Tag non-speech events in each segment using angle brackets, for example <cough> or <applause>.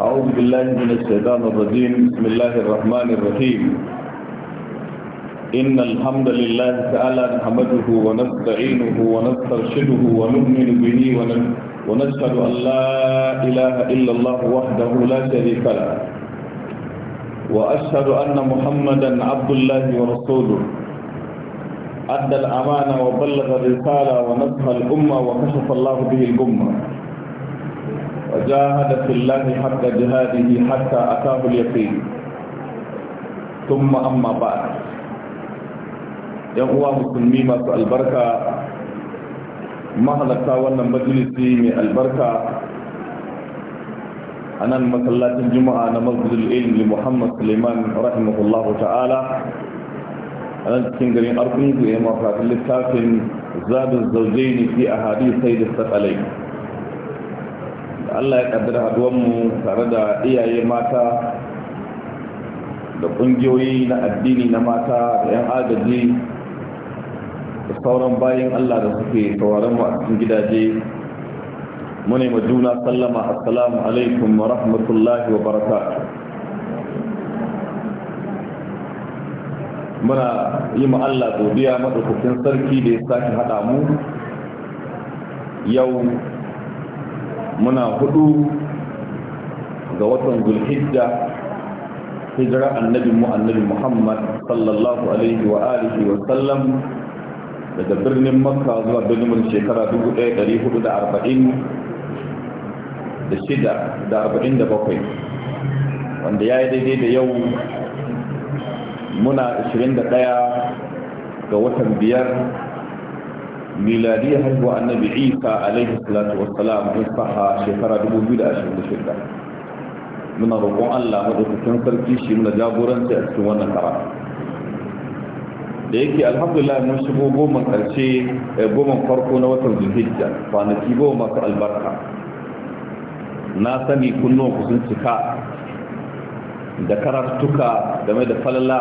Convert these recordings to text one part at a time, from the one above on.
أعوذ بالله من الشيطان الرجيم بسم الله الرحمن الرحيم إن الحمد لله تعالى نحمده ونستعينه ونسترشده ونؤمن به ونشهد أن لا إله إلا الله وحده لا شريك له وأشهد أن محمدا عبد الله ورسوله أدى الأمانة وبلغ الرسالة ونصح الأمة وكشف الله به الأمة وجاهد في الله حق جهاده حتى أتاه اليقين ثم أما بعد يقوى مسلمي ما البركة mahalarta wannan majalisi mai albarka a nan masallacin juma'a na masjidul ilmi muhammad suleiman rahimahullah ta'ala a nan cikin garin arkungu ya mafafi littafin zabin zaujaini fi a sai da sakalai Allah ya kaddara haduwanmu tare da iyaye mata da ƙungiyoyi na addini na mata da 'yan agaji da sauran bayan Allah da suke sauraron mu a cikin gidaje mune ma juna sallama assalamu alaikum wa rahmatullahi wa barakatuh muna yi ma Allah godiya madaukakin sarki da ya sake haɗa mu yau muna hudu ga watan zulhijja hijira annabi mu annabi muhammad sallallahu alaihi wa alihi wa sallam daga birnin makka zuwa birnin shekara 1440 da shida da arba'in da bakwai wanda ya yi daidai da yau muna 21 ga watan biyar miladiyya haihuwa annabi isa alaihi salatu wassalam mun faha shekara 2026 muna roƙon allah maɗaukakin sarki shi muna jagoranci a cikin wannan kara da yake alhamdulillah mun shigo goma ƙarshe goma farko na watan zuhijja kwanaki goma masu albarka na sani kunnuwan ku sun cika da karatuka game da falala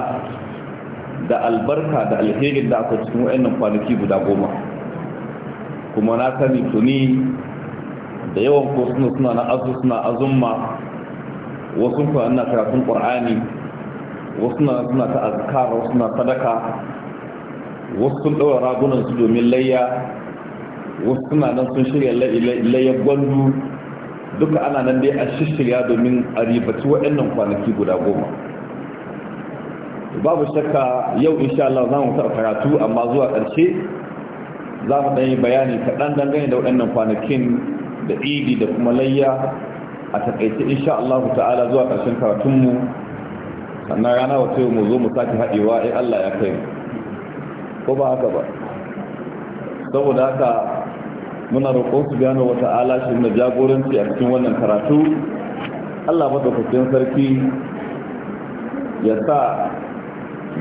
da albarka da alherin da aka cikin wa'annan kwanaki guda goma kuma na sani tuni da yawan ko suna suna na azu suna azumma wasu kuma ina karatun qur'ani wasu na suna ta azkar wasu na sadaka wasu sun ɗaura ragunan su domin layya wasu suna nan sun shirya layya gwandu duka ana nan dai a shishirya domin a ribaci waɗannan kwanaki guda goma babu shakka yau insha Allah za mu karatu amma zuwa ƙarshe za mu ɗanyi bayani kaɗan dangane da waɗannan kwanakin da idi da kuma layya a taƙaice insha Allah ta'ala zuwa ƙarshen karatunmu sannan rana wata yau mu zo mu sake haɗewa in eh, Allah ya kai ko ba haka ba saboda haka muna roƙon su gano wa ta'ala shi na jagoranci a cikin wannan karatu Allah madaukakin sarki ya sa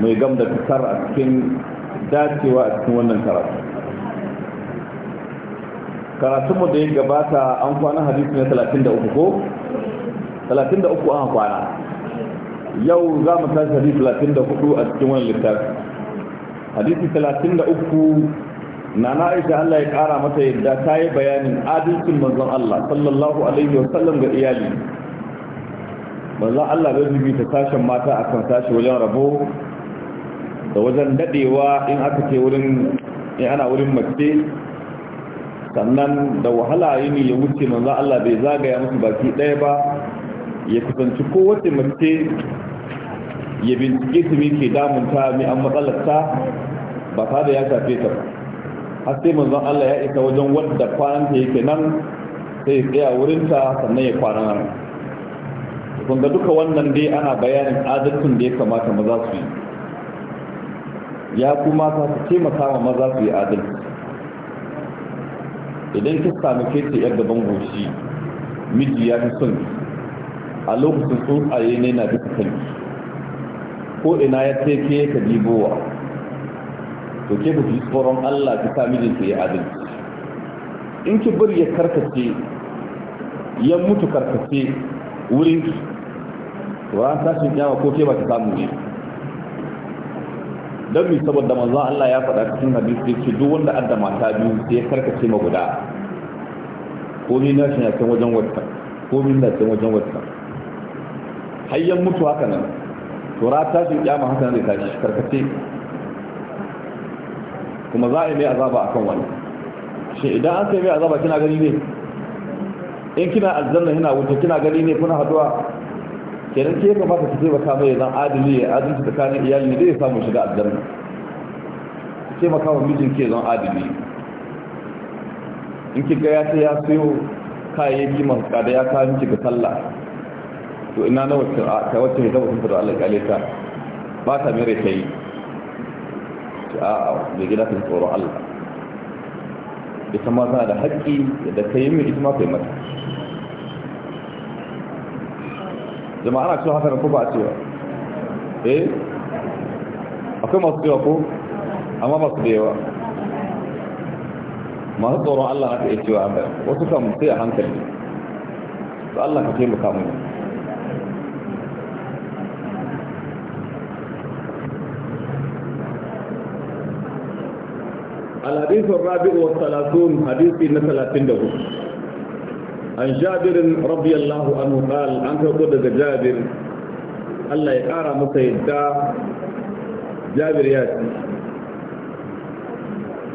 mai gam da fitar a cikin dacewa a cikin wannan karatu karatunmu da ya gabata an kwana hadisi na 33 ko 33 an kwana yau za mu tashi hadisi 34 a cikin wani littafi hadisi 33 na na'aisha Allah ya kara mata yadda ta yi bayanin adalcin manzon Allah sallallahu alaihi wa sallam ga iyali manzon Allah bai zubi ta sashen mata kan sashi wajen rabo da wajen dadewa in aka ce wurin in ana wurin mace sannan da wahala ne ya wuce manzo Allah bai zagaya musu baki ɗaya ba ya kusanci kowace mace ya bincike su ke ta mai an matsalarta ba ta da ya shafe ta ba har sai manzon Allah ya isa wajen wadda kwananta yake nan sai ya tsaya wurinta sannan ya kwana nan kun ga duka wannan dai ana bayanin adalcin da ya kamata maza su yi ya kuma ta su taimaka wa maza su yi adalci idan ka sami kai ce yar gaban goshi miji ya fi son a lokacin tsuntsaye ne na duka kan ko ina ya ce ke ka dibowa to ke ku tsoron Allah ki sami mijin ya adalci in ki bari ya karkace ya mutu karkace wurin ki to ran tashin kyawa ko ke ba ta samu ne don saboda manzon Allah ya faɗa cikin hadisi ce duk wanda adda mata biyu sai ya karkace ma guda komi na shi na can wajen wata min na can wajen wata hayyan mutu haka nan tura ta shi kyama haka nan zai tashi karkace kuma za a yi mai azaba akan wani shi idan an sai mai azaba kina gani ne in kina aljanna kina wuce kina gani ne kuna haduwa kenan ke kamata ki taimaka mai zan adali ya adalci tsakanin iyali ne zai samu shiga aljanna taimaka wa mijin ke zan adali in ki ga ya sai ya sayo kayayyaki masu kada ya kawo miki ga sallah to ina na wacce ka wacce ya zama sun da Allah kale ta ba ta mere yi a a da gida ta tsoro Allah ita ma tana da haƙƙi da yi mai ita ma yi mata jama'a na cewa haka ko ba a cewa eh akwai masu cewa ko amma ba su da yawa masu tsoron Allah na ka iya cewa amma wasu kan sai a hankali to Allah ka taimaka mu الحديث الرابع والثلاثون حديث ابن ثلاثين دهو an jabirin radiyallahu anhu qal an karɓo daga jabir Allah ya ƙara masa yadda jabir ya ce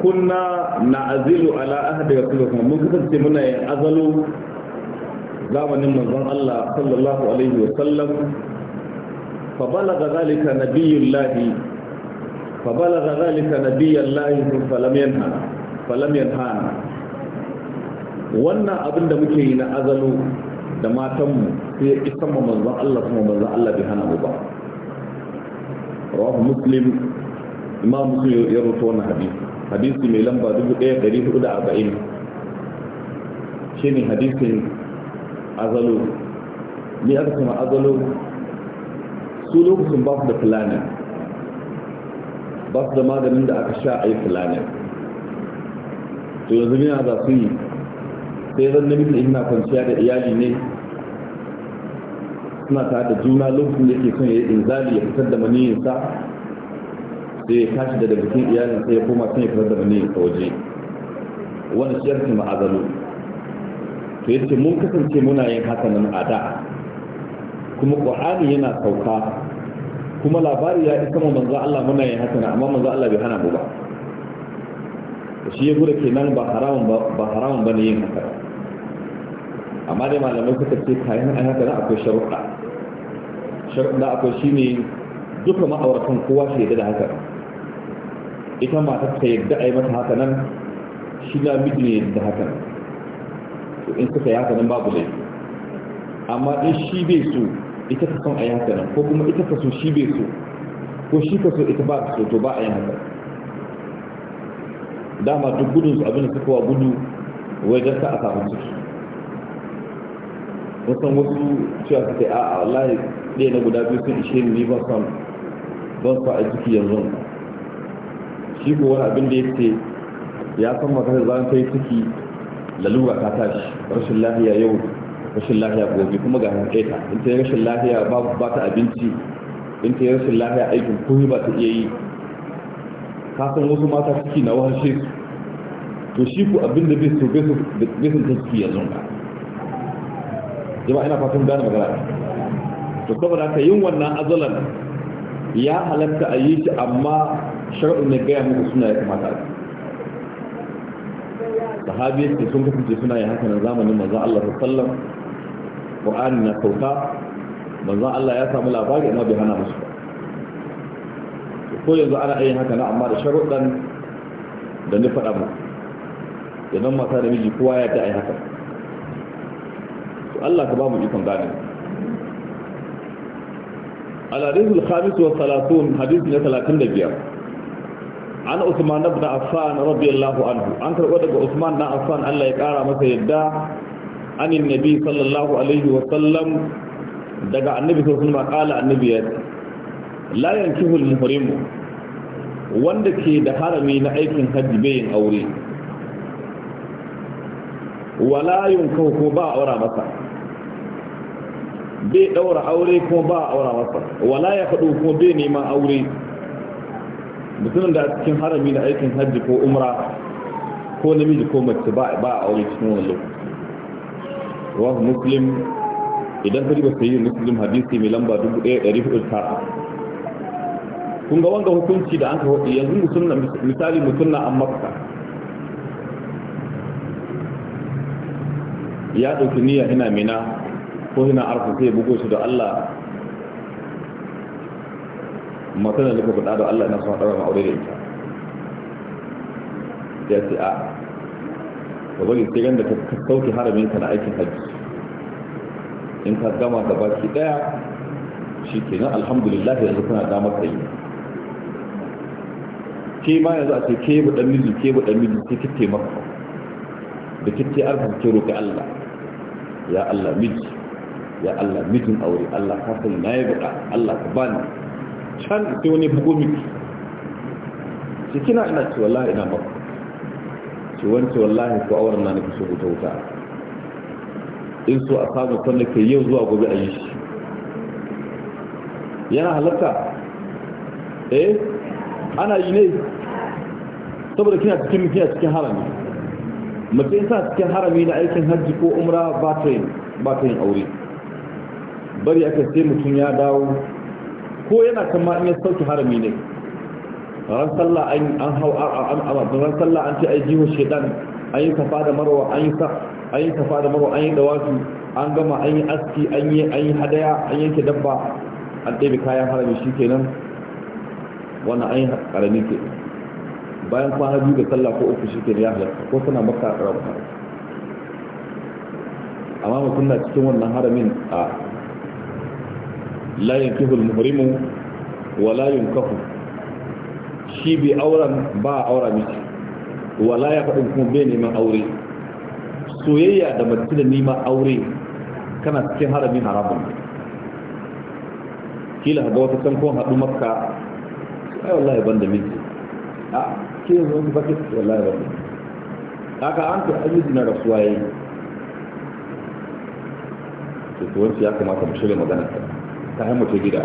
kunna na'azilu ala ahdi rasulullah mun kasance muna yin azalu zamanin manzon Allah sallallahu alaihi wa sallam fa na zalika lahi, fa balagha zalika nabiyallahi falam yanha falam yanha wannan abin da muke yi na azalo da matanmu sai ya isan ma manzon Allah kuma manzon Allah bai hana mu ba rawahu muslim imam muslim ya rubuta wannan hadisi hadisi mai lamba 1440 shine hadisin azalo ni aka kuma azalo su lokacin ba su da fulani? ba su da maganin da aka sha a yi fulani? to yanzu mina za su yi sai zan namiji ina kwanciya da iyali ne suna tare da juna lokacin da ke son ya yi inzali ya fitar da maniyinsa sai ya tashi daga bikin iyalin sai ya koma sai ya fitar da maniyinsa waje wani shi ma'azalu to ya ce mun kasance muna yin haka nan a da kuma ƙwa'ani yana sauka kuma labari ya isa mu manzo Allah muna yin haka amma manzo Allah bai hana mu ba shi ya gura kenan ba haramun ba haramun yin haka amma dai malamai suka ce kayan an haka na akwai sharuɗa sharuɗa akwai shi ne duka ma'auratan kowa shi yadda da haka ita matar ta yadda a yi mata haka nan shi na miji ne yadda haka nan to in suka yi haka nan babu laifi amma in shi bai so ita ka son a yi haka nan ko kuma ita ka so shi bai so ko shi ka so ita ba ka so to ba a yi haka dama duk gudun su abin da suka wa gudu wai dasa a samu ciki wasan wasu cewa ta a a wallahi ɗaya na guda biyu sun ishe ni ba san ban su a ciki yanzu shi ko wani abin da ya ce ya san makasar zan kai ciki lalura ta tashi rashin lafiya yau rashin lafiya gobe kuma ga hankali ta in ta yi rashin lafiya ba ta abinci in ta yi rashin lafiya aikin kuma ba ta iya yi ka san wasu mata ciki na wahalshe to shi ku abin da bai so bai so ta ciki yanzu ba jama'a ina fatan gane magana to saboda ka yin wannan azalan ya halatta a yi shi amma shar'un ne gaya muku suna ya kamata a sahabi ce sun kasance suna yin haka na zamanin manzon Allah sallam Qur'ani na kauta, manzan Allah ya samu labari amma bai hana musu ba ko yanzu ana yin haka na amma da sharuɗan da ni faɗa mu idan mata da miji kowa ya ta yi haka Allah ka ba mu ikon gane al-hadithul khamis wa salatun hadith na talatin da biyar, an Usman ibn Affan Allah anhu an karbo daga Usman na Affan Allah ya ƙara masa yadda anin nabi sallallahu alaihi wa sallam daga annabi sallallahu alaihi wa sallam annabi ya ce, layan kihul muhurimu wanda ke da harami na aikin hajji bai yin aure wala ko ba a aura masa bai daura aure kuma ba a aura masa wala ya faɗo kuma bai nema aure mutumin da cikin harami na aikin hajji ko umra ko namiji ko mace ba a aure cikin wani lokaci wa muslim idan ka riba yi muslim hadisi mai lamba 1409 kun ga wanga hukunci da an ka hudu yanzu misali mutum na an makka ya ɗauki niyya ina mina ko hina arfu sai bugo shi da Allah matan da kuka faɗa da Allah na son ɗaura ma'aure da ita ya ce a ka bari sai ganda ka sauke haramin ka na aikin hajji in ka gama da baki ɗaya shi ke nan alhamdulillah yanzu kuna damar ka yi. ke ma yanzu a ce ke bu ɗan miji ke bu ɗan miji sai kitte maka da kitte arziki ke roƙi Allah ya Allah miji ya Allah mijin aure Allah ka na yi buƙa Allah ka bani can ta wani bugo miki ce kina ina ce wallahi ina ba ce wance wallahi ko awar na nufi su wuta wuta in so a samu kwanne ke yau zuwa gobe a yi shi yana halatta eh ana yi ne saboda kina cikin kina cikin harami mace in sa cikin harami na aikin hajji ko umra ba ta yin aure bari aka sai mutum ya dawo ko yana kan ma in ya sauki harami ne ran sallah an hau an ran sallah an ce ai jiho shedan an yi kafa da marwa an yi sa an yi kafa da marwa an yi dawasu an gama an yi aski an yi an yi hadaya an yanke dabba an ɗebe kayan harami shi kenan wannan an yi karami ke bayan kwana biyu da sallah ko uku shi kenan ya halatta ko suna maka rabu amma mutum na cikin wannan haramin a la yankihu al-muhrimu wa la yunkahu shi bi auren ba aura miki wa faɗin kuma bai neman aure soyayya da mace neman aure kana cikin harami haramun kila ga wata can haɗu makka ai wallahi ban da miji a ke zo ba ke wallahi ban da haka an ta ya kamata mu shirya magana ta kayan mace gida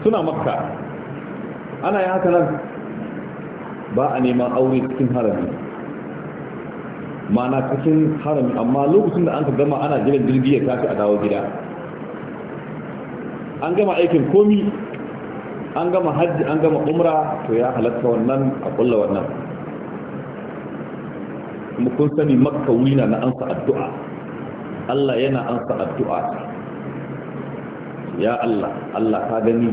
suna makka ana yi haka nan ba a neman aure cikin harami mana cikin harami amma lokacin da an ka gama ana jiran jirgi ya tafi a dawo gida an gama aikin komi an gama hajji an gama umra to ya halatta wannan a kulla wannan kuma kun sani makka wina na ansa addu'a Allah yana ansa addu'a ya Allah Allah ka gani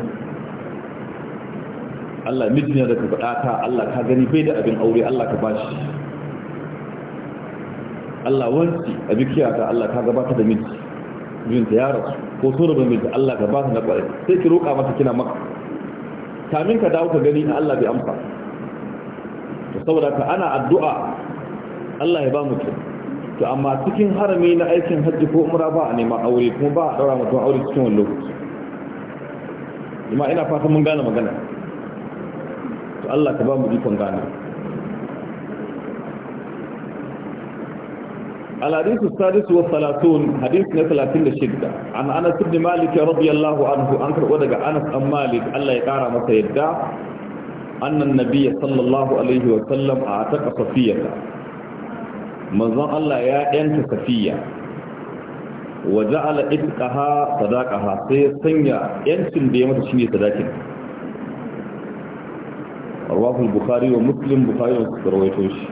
Allah mijina da ka faɗata Allah ka gani bai da abin aure Allah ka bashi Allah wanci a bikiya ta Allah ka gabata da miji mijinta ya rasu ko so da miji Allah ka bata na ƙwarai sai ki roƙa masa kina maka kamin ka dawo ka gani Allah bai amsa saboda ka ana addu'a Allah ya ba mu kira to amma cikin harami na aikin hajji ko umra ba a neman aure kuma ba a daura mutum aure cikin wani lokaci ina fata mun gane magana to Allah ka ba mu ikon gane الحديث السادس والثلاثون حديث ثلاثين لشدة عن أنس بن مالك رضي الله عنه أنكر ودق أنس أم مالك الله يقارى مسيدة أن النبي صلى الله عليه وسلم أعتق صفية manzon Allah ya ɗanta safiya wa ja'ala itqaha sadaqaha sai ya sanya yancin da ya mata shine sadakin rawahu al-bukhari wa muslim bukhari wa rawaito shi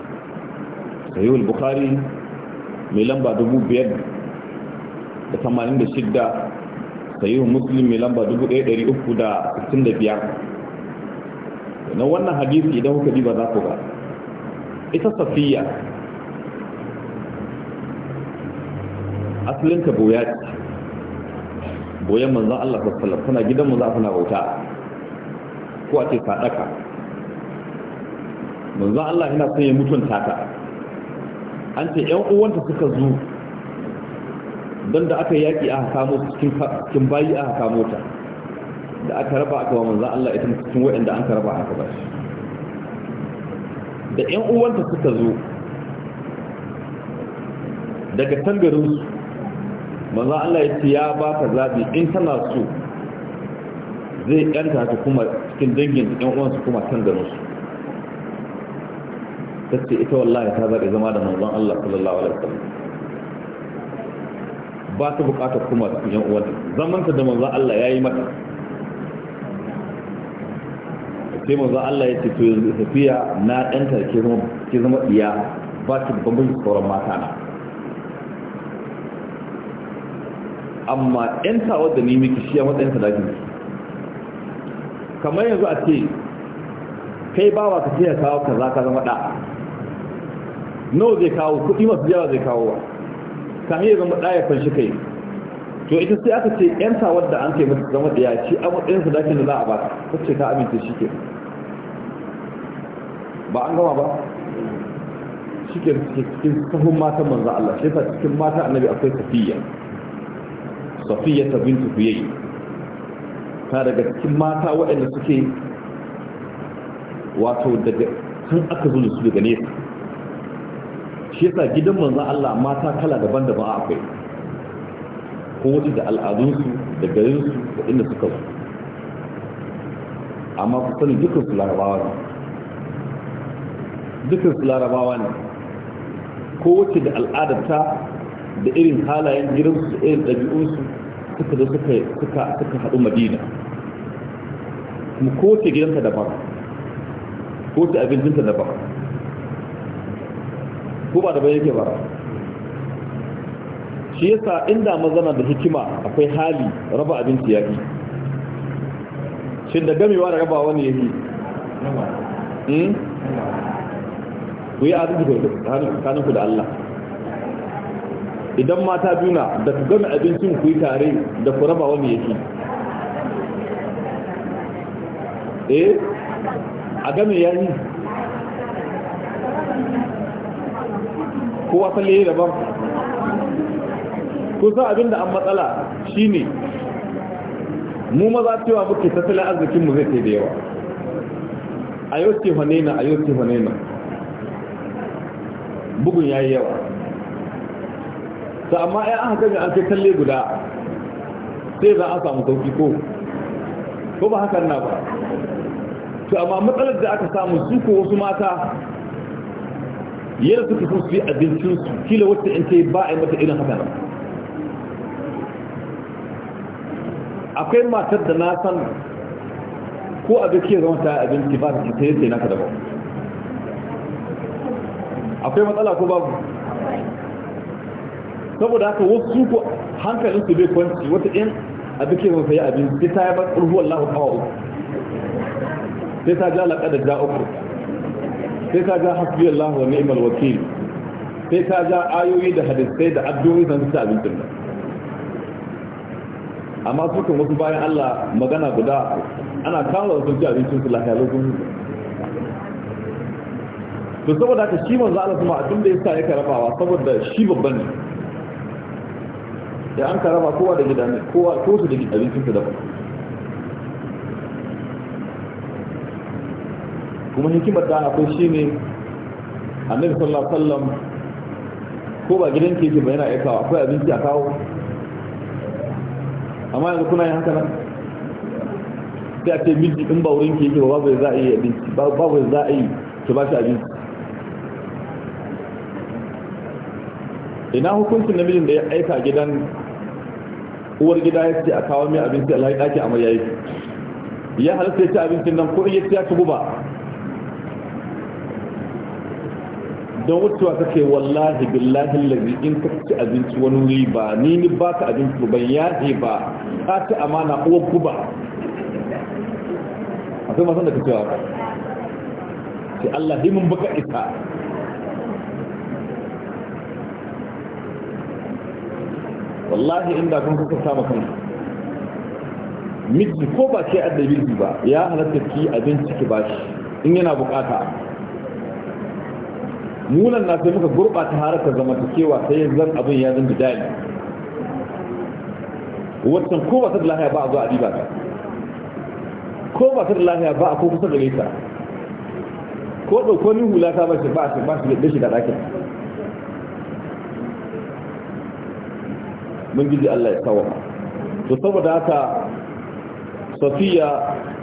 sahih al-bukhari mai lamba 586 sahih muslim mai lamba 1365 na wannan hadisi idan kuka diba za ku ga ita safiya asalin ka boya boyan manzon Allah sallallahu alaihi wasallam kana gidan manzon Allah kana bauta ko a ce sadaka manzon Allah yana son ya mutunta ka an ce ƴan uwanta suka zo don da aka yaki aka samu cikin bayi aka samu ta da aka raba aka wa manzon Allah ita cikin waɗanda an ka raba aka ba shi da ƴan uwanta suka zo daga tangarinsu manzo Allah ya ce ya baka zabi in kana so zai yanta ta kuma cikin dangin ɗan uwansu kuma can garin su tace ita wallahi ta zaɓi zama da manzon Allah sallallahu alaihi wasallam ba ta buƙatar kuma cikin ɗan uwanta zaman ta da manzon Allah yayi mata sai manzon Allah ya ce to yanzu tafiya na ɗanta ke zama ke zama iya ba ta babban sauran mata na amma ‘yanta wadda ne miki shi a matsayin sadakin kamar yanzu a ce kai bawa ka ce ya kawo ka za ka zama ɗa nawa zai kawo kuɗi masu yawa zai kawo wa kamar ya zama ɗa ya fanshi kai to ita sai aka ce ‘yanta wadda an kai mata zama ɗaya shi a matsayin sadakin da za a ba ta ce ka amince shi ke ba an gama ba shi ke cikin sahun matan manzo Allah shi ta cikin mata annabi akwai tafiya. safiya ta bintu huyayi ta daga cikin mata waɗanda suke wato daga kan aka zo su daga nesa shi yasa gidan manzan Allah mata kala daban-daban a akwai ko wata da al'adunsu da garinsu da inda suka zo amma ku sani dukkan su larabawa ne dukkan su larabawa ne ko wacce da al'adarta da irin halayen gidansu da irin ɗabi'unsu suka zo suka haɗu madina kuma kowace gidanta daban kowace abincinta daban ko ba daban yake ba shi yasa inda mazana da hikima akwai hali raba abinci ya yaƙi shi da gamewa da raba wani ya yaƙi hmm? ku yi arziki da hannun ku da Allah idan mata juna da ku gama abincin ku yi tare da ku raba wani yake eh a game ya yi kowa falle daban sa abinda an matsala shine mu maza cewa muke tattalin arzikinmu zai kai da yawa a yau ce hane na a yau ce hane na bugun ya yi yawa to amma ai aka ga an ce kalle guda sai za a samu sauki ko ko ba hakan na ba to amma matsalar da aka samu su ko wasu mata yadda suka fi su yi abincin su kila wata in ba a yi mata irin haka akwai matar da na san ko a duk ke zama ta abinci ba ta ce sai na ka daban akwai matsala ko babu saboda haka wasu ko hankalin su bai kwanci wata ɗin a duke mafi yi abin sai ta yi ba ƙurhu Allah kawo uku sai ta ja laƙa da ja uku sai ta ja hasbi Allah wa ni'mal wakil sai ta ja ayoyi da hadisai da addu'o'i san sa abincin da. amma su kan wasu bayan Allah magana guda ana kawo sun ci abincin su lafiya lokacin to saboda haka shi manzo Allah kuma abin da yasa yake karabawa saboda shi babban ne da an ka raba kowa da gida ne kowa to su da abincin su daban kuma hikimar da akwai shine annabi sallallahu alaihi wasallam ko ba gidan ke yake ba yana aikawa akwai abinci a kawo amma yanzu kuna yin haka nan sai a ce miji in ba wurin ke yake ba babu za a yi abinci babu za a yi ki ba shi abinci ina hukuncin namijin da ya aika gidan uwar gida ya ce a kawo mai abinci alhaji ɗaki ya yi ya halatta ya ci abincin nan ko iya ya ci guba don wucewa ta ce wallahi billahi lalzi in ka ci abinci wani wuri ba ni ni ba ka abinci ban yaɗe ba ka ci amana uwar A akwai masan da ka cewa ce Allah himin baka ita wallahi inda kun kuka samu kanku miji ko ba ce addabi ba ya halatta ki abinci ki bashi in yana bukata munan na sai muka gurbata ta cewa sai zan abin ya zan bidali wancan ko ba ta da lahiya ba a zuwa adiba ta ko ba ta da lahiya ba a ko kusa gare ta ko ɗauko ni hula ta ba shi ba shi ba shi da shi da ɗakin mun gidi Allah ya kawo to saboda haka safiya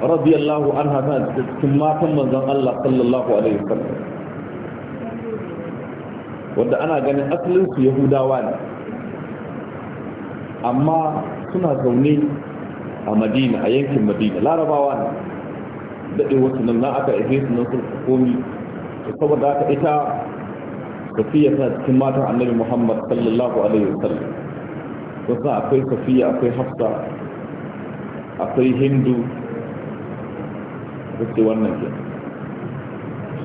radiyallahu anha tana cikin matan manzon Allah sallallahu alaihi wasallam wanda ana ganin asalin su yahudawa ne amma suna zaune a madina a yankin madina larabawa ne daɗe wasu nan na aka ihe su nan sulka komi saboda haka ita tafiya ta cikin matan annabi muhammad sallallahu alaihi wasallam kusa akwai safiya akwai hafsa akwai hindu kusa wannan ke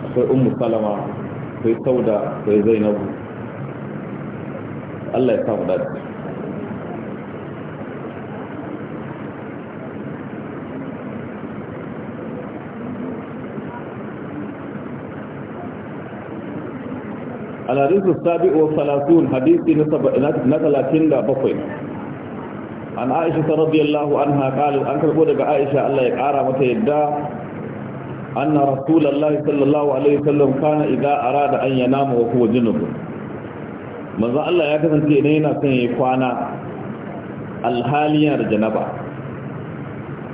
akwai ummu salama akwai sauda akwai zainabu allah ya samu dace الحديث السابع والثلاثون حديث نتلاتين دا بقين عن عائشة رضي الله عنها قالت أنك قولك عائشة الله يقارى متيدا أن رسول الله صلى الله عليه وسلم كان إذا أراد أن ينام وهو جنب ماذا الله يكسن تينينا سيفانا الحالية الجنبة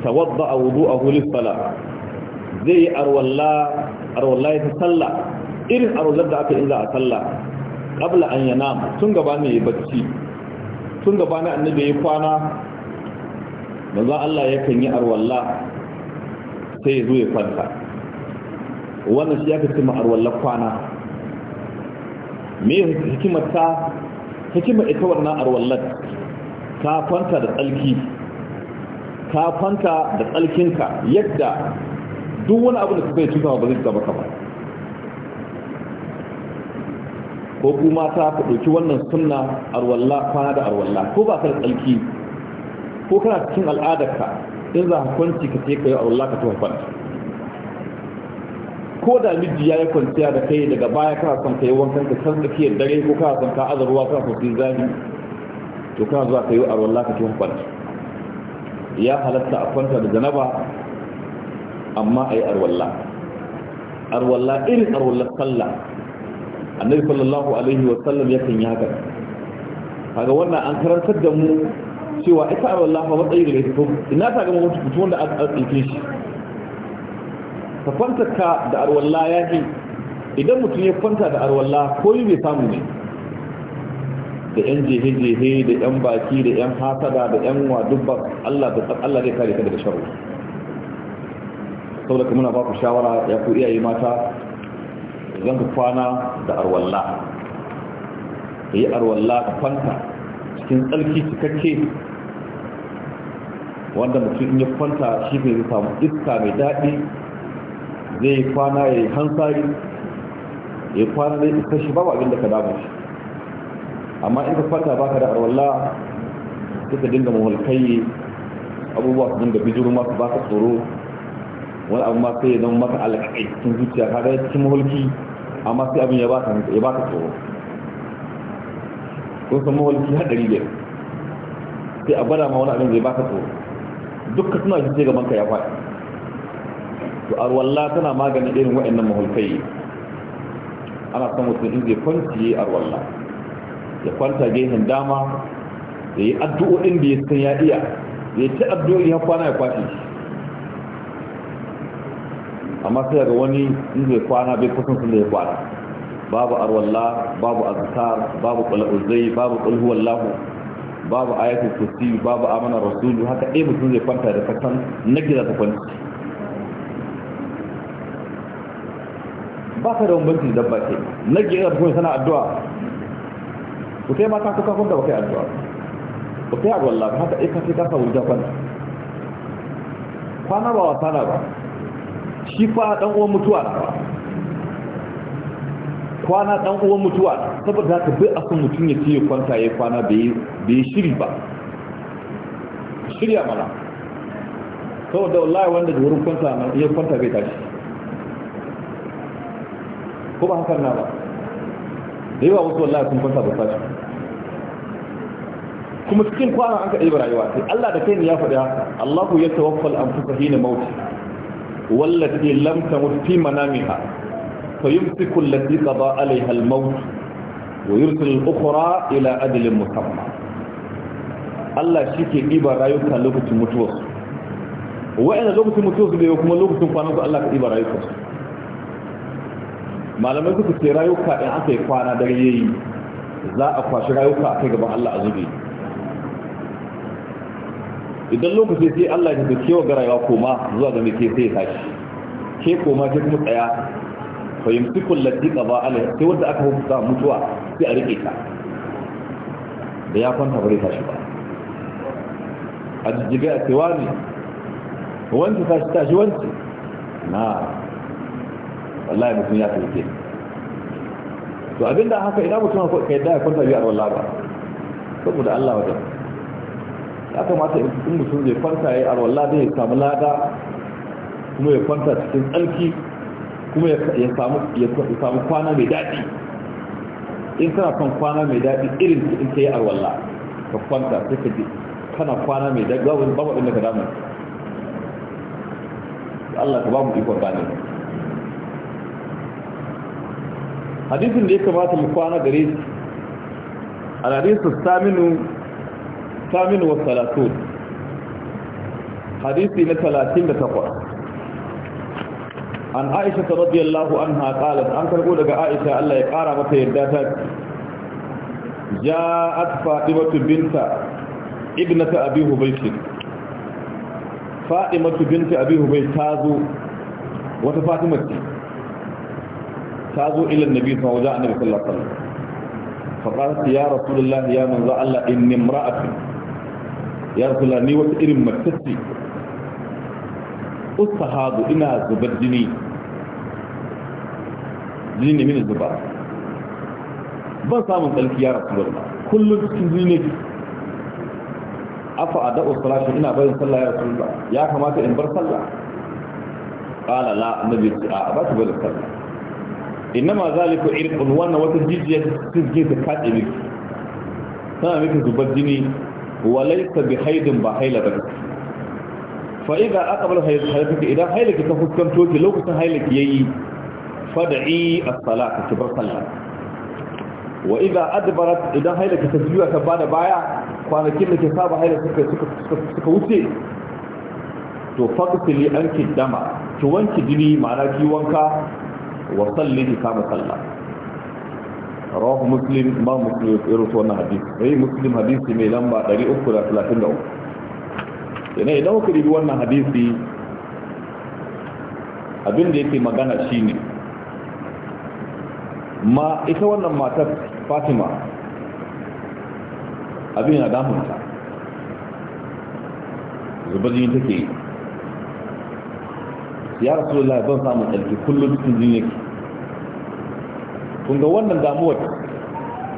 توضأ وضوءه للصلاة زي أرو الله أرو الله يتسلّى irin aruzar da aka yi za a sallah qabla an yanam tun gaba ne ya bacci tun gaba ne annabi ya kwana za Allah yakan yi arwalla sai ya zo ya kwanta wannan shi ya aka cima arwalla kwana me hikimar ta hikimar ita wannan arwallar ka kwanta da tsalki ka kwanta da tsalkinka yadda duk wani abu da ka bai cuta ba zai taba ka ba ko kuma mata ka ɗauki wannan sunna arwalla kwana da arwalla ko ba ka da tsalki ko kana cikin al'adarka in za ka kwanci ka ce ka yi arwalla ka tuwa kwanci ko da miji ya yi kwanciya da kai daga baya kana son ka yi wankan ka san tsakiyar dare ko kana son ka azarwa kana son sun zafi to kana zuwa ka yi arwalla ka tuwa kwanci ya halatta a kwanta da janaba amma a yi arwalla arwalla irin arwallar sallah annabi sallallahu alaihi wa sallam yakan yi haka kaga wannan an karantar da mu cewa ita Allah wa matsayi da ita ina ta ga mu mutu wanda aka tsike shi ka kwanta ka da arwalla ya idan mutum ya kwanta da arwalla ko yi bai samu ne da yan jehe-jehe da yan baki da yan hasada da yan wadubba Allah da Allah zai kare ka daga sharri saboda kuma na ba ku shawara ya ku iyaye mata zan ka kwana da arwalla ka yi arwalla ka kwanta cikin tsarki cikakke wanda mutum ya kwanta shi ne zai samu iska mai daɗi zai yi kwana ya yi hansari ya yi kwana zai iska shi babu abin da ka damu shi amma in ka kwanta ba ka da arwalla ka dinga mahulkai abubuwa su dinga bijiru masu ba ka tsoro wani abu ma sai ya zama maka alaƙaƙai cikin zuciya ka ga cikin mahulki amma sai abin ya ba ta ya ba ta tsoro kun san mawalki har ɗari biyar sai a gwada ma wani abin zai ba ta tsoro dukkan suna shi sai gaban ka ya faɗi to arwalla tana maganin irin wa'annan mahulkai ana son mutum in zai kwanci arwalla ya kwanta gehen dama ya yi addu'o'in da ya san ya iya ya ci addu'o'i har kwana ya kwashi shi amma sai ga wani in zai kwana bai kusan sun da ya kwana babu arwalla babu azkar babu qul'uzai babu qul huwallahu babu ayatul kursi babu amana rasulu haka dai mutum zai kwanta da kasan na gida ta kwanci ba ka da bambanci da dabba ke na gida ta kwanci tana addu'a ku sai mata kuka kwanta ba kai addu'a ku kai arwalla haka dai ka ka samu kwanta kwana ba wasa na ba shi fa dan uwan mutuwa kwana dan uwan mutuwa saboda ka bai a son mutum ya ce ya kwanta ya kwana bai shiri ba shirya mana saboda wallahi wanda da wurin kwanta na iya kwanta bai tashi ko ba hakan na ba da yawa wasu wallahi sun kwanta ba tashi kuma cikin kwana an ka ɗaya rayuwa sai Allah da kai ne ya faɗa Allahu ya tawaffal anfusa hina mauti والتي لم تمت في منامها فيمسك التي قضى عليها الموت ويرسل الأخرى إلى أجل مسمى Allah shi ke ɗiba rayuka lokacin mutuwarsu wa'ina lokacin mutuwarsu bai kuma lokacin kwanansu Allah ka ɗiba malamai suka ce rayuka in aka yi kwana dare yayi za a kwashi rayuka a gaban Allah a zube idan lokaci sai Allah ya tafi wa garayewa koma zuwa ga ke sai ya tashi ke koma ke kuma tsaya fa yumsiku allati qada alai, sai wanda aka hukunta mutuwa sai a rike ta da ya kwanta bare tashi ba a jijjiga a cewa ne wanda tashi tashi wanci na wallahi mutum ya tafi to abinda haka idan mutum ka yadda ya kwanta biyu a wallahi ba saboda Allah wajen ya kamata in mutum zai kwanta ya yi alwallah zai samu lada kuma ya kwanta cikin tsarki kuma ya samu kwana mai daɗi in kana kan kwana mai daɗi irin su in ka yi alwallah ka kwanta sai ka ji kana kwana mai daɗi babu babu da ka damu Allah ka ba mu ikon gane hadisin da ya kamata mu kwana gare shi al-hadisu saminu samin wa salatun hadisi na 38 an aisha ta radiyallahu anha qalat an karbo daga aisha Allah ya kara mata yadda ta ja'at fatimatu binta ibnata abi hubaysh fatimatu binta abi hubaysh tazo wata fatima ce tazo ila annabi sallallahu alaihi wasallam fa qalat ya rasulullah ya manzo Allah ya rasula ni wata irin matassi ustahadu ina zubar jini jini ne mini zuba ban samun tsarki ya rasu ba kullum cikin jini ne afa a da'o salashin ina bayan sallah ya rasu ya kamata in bar sallah ƙala la annabi ce a ba ki bar sallah innama zalika irqun wannan wata jijiya cikin ta kaɗe miki tana miki zubar jini walaita bi haidin ba haila ba fa'iza aka bar hailaka idan hailaki ta fuskanto ki lokacin hailaki ya yi fada'i a bar sallah wa iza adbarat idan hailaki ta juya ta bada baya kwanakin da ke saba hailaki suka wuce to fakasili an ki dama ki wanki jini ma'ana ki wanka kama rawahu muslim ba muslim ya rufe wannan hadisi sai muslim hadisi mai lamba 333 yana idan ku dubi wannan hadisi abin da yake magana shine ma ita wannan matar fatima abin na damunta zubar jini take ya rasulullahi ban samu alki kullum cikin jini yake kun ga wannan damuwar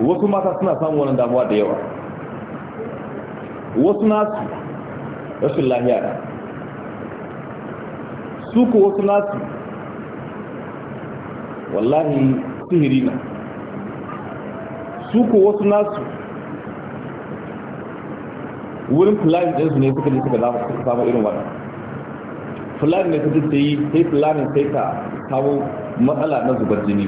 wasu mata suna samun wannan damuwa da yawa wasu nasu rashin lahiya na su ko wasu nasu wallahi sihiri na su ko wasu nasu wurin fulani ɗinsu ne suka ne suka samu irin wannan fulani ne suka ce yi sai fulani sai ka samu matsala na zubar jini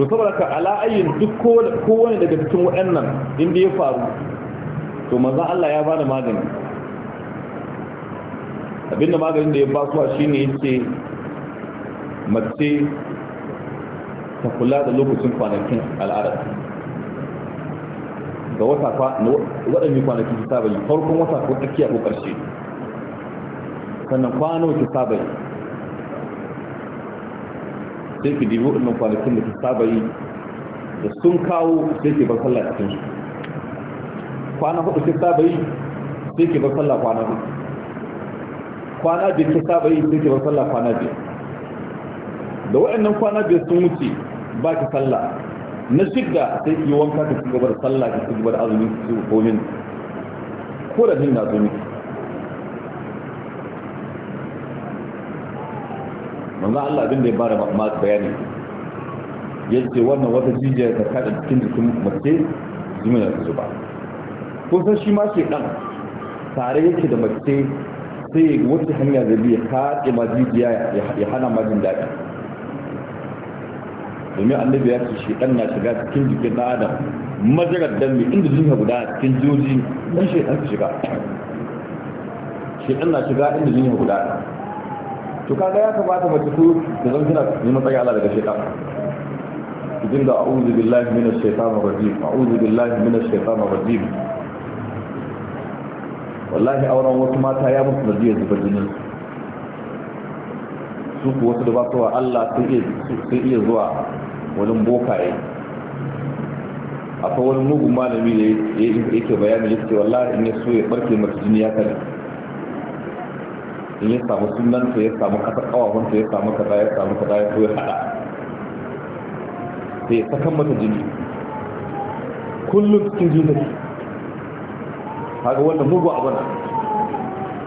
to saboda ka ala'ayin duk kowane daga cikin waɗannan inda ya faru to manzan Allah ya bada magani abinda maganin da ya ba suwa shine yake mace ta kula da lokacin kwanakin al'adar ga wata waɗanne kwanakin ta saba farkon wata ko tsakiya ko ƙarshe sannan kwano ta sabayi sai ki dibi waɗannan kwanakin da ta saba yi da sun kawo sai ke bar sallah cikin kwana hudu ki saba yi sai ke bar sallah kwana hudu kwana biyar ki saba yi sai ke bar sallah kwana biyar da waɗannan kwana biyar sun wuce ba ki sallah na shidda sai ki wanka ka ci gaba da sallah ka ci gaba da azumi ki ci ko da jin na zo miki manzan Allah abin da ya bada masu bayani ya ce wannan wata jijiya ta kada cikin jikin mace jimina ta zuba kusan shi ma ke ɗan tare yake da mace sai wata hanya da biya kaɗe ma jijiya ya hana ma jin daɗi domin annabi ya ce shi ɗan na shiga cikin jikin ɗan adam majalar dambe inda jinya guda cikin jiyoji ɗan shi ɗan shiga shi ɗan na shiga inda jinya guda to kaga ya kamata mace su da zan tana neman tsaye Allah daga shaitan idan da a'udhu billahi minash shaitanir rajim a'udhu billahi minash shaitanir rajim wallahi auren wasu mata ya musu da jiya zuba jini su ku wasu da ba wa Allah sai iya zuwa wani bokaye akwai wani mugun malami da yake bayani ya wallahi in ya so ya barke mata jini ya kare in ya samu sunan ya samu kasar kawafin ya samu kaza ya samu kaza ya to hada sai ya sakan mata jini kullum cikin jini haka wannan mugu abu na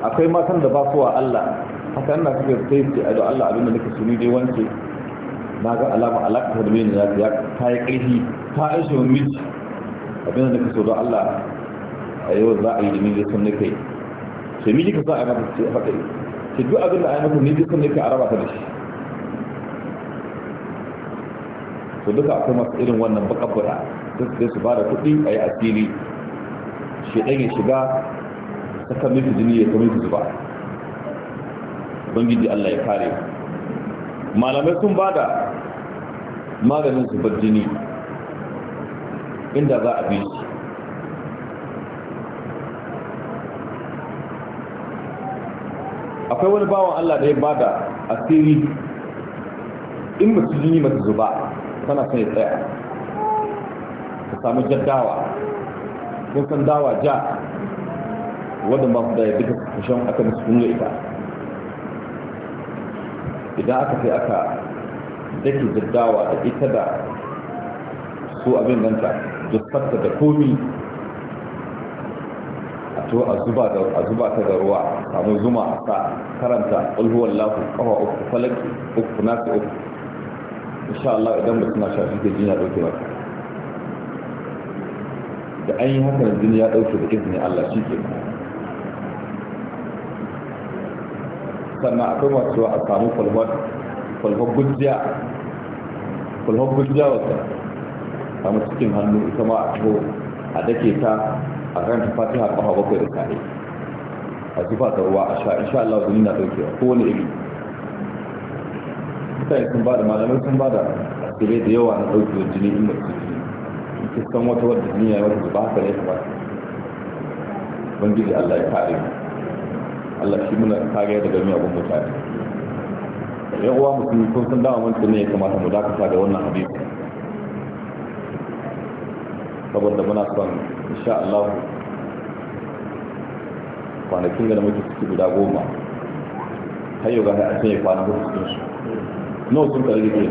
akwai matan da ba su wa Allah haka ina suke sai su a da Allah abinda nake suni dai wance na ga alama alaƙa ta da mai da ya ta yi ƙarfi ta aishe wani miji abinda nake so don Allah a yau za a yi da sun nake sai miji ka za a yi mata sai a faɗi. ki duk abin da ai muku ni dukkan ne a araba ta da shi to duka akwai masu irin wannan duk sai su bada kuɗi a yi asiri shi ɗan ya shiga saka miki jini ya kamar miki zuba ubangiji Allah ya kare malamai sun bada maganin zubar jini inda za a bi shi akwai wani bawan Allah da ya da asiri in masu jini masu zuba tana sai tsaya ta samu jaddawa kun san dawa ja wadda ba su da ya duka kushen aka musu kunga ita idan aka sai aka dake jaddawa da ita da su abin ganta da jisfarta da komi fito a zuba ta da ruwa samu zuma a sa karanta ulhuwan lafi kafa uku falaki uku na nasi uku insha Allah idan mutum suna shafi ke jini ya ɗauke ba da an yi haka da jini ya ɗauke da izini Allah shi ke sannan akwai masu a samu kwalfar gujiya kwalfar gujiya wata samu cikin hannu ita ma a a dake ta a karanta fatiha kafa bakwai da kare a zuba da ruwa a sha insha Allah zuni na ko wani iri mutane sun bada malamai sun bada asirai da yawa na daukewar jini in da jini in kiskan wata wadda jini ya yi wata zuba haka ne ya kamata da Allah ya kare mu Allah shi muna kare daga miyagun mutane yawa mutum musulmi sun san damar mun ne ya kamata mu dakata da wannan hadisi saboda muna son insha Allah kwanakin da muke ciki guda goma har yau ga an sanya kwana hudu cikin su nawa sun karbi ke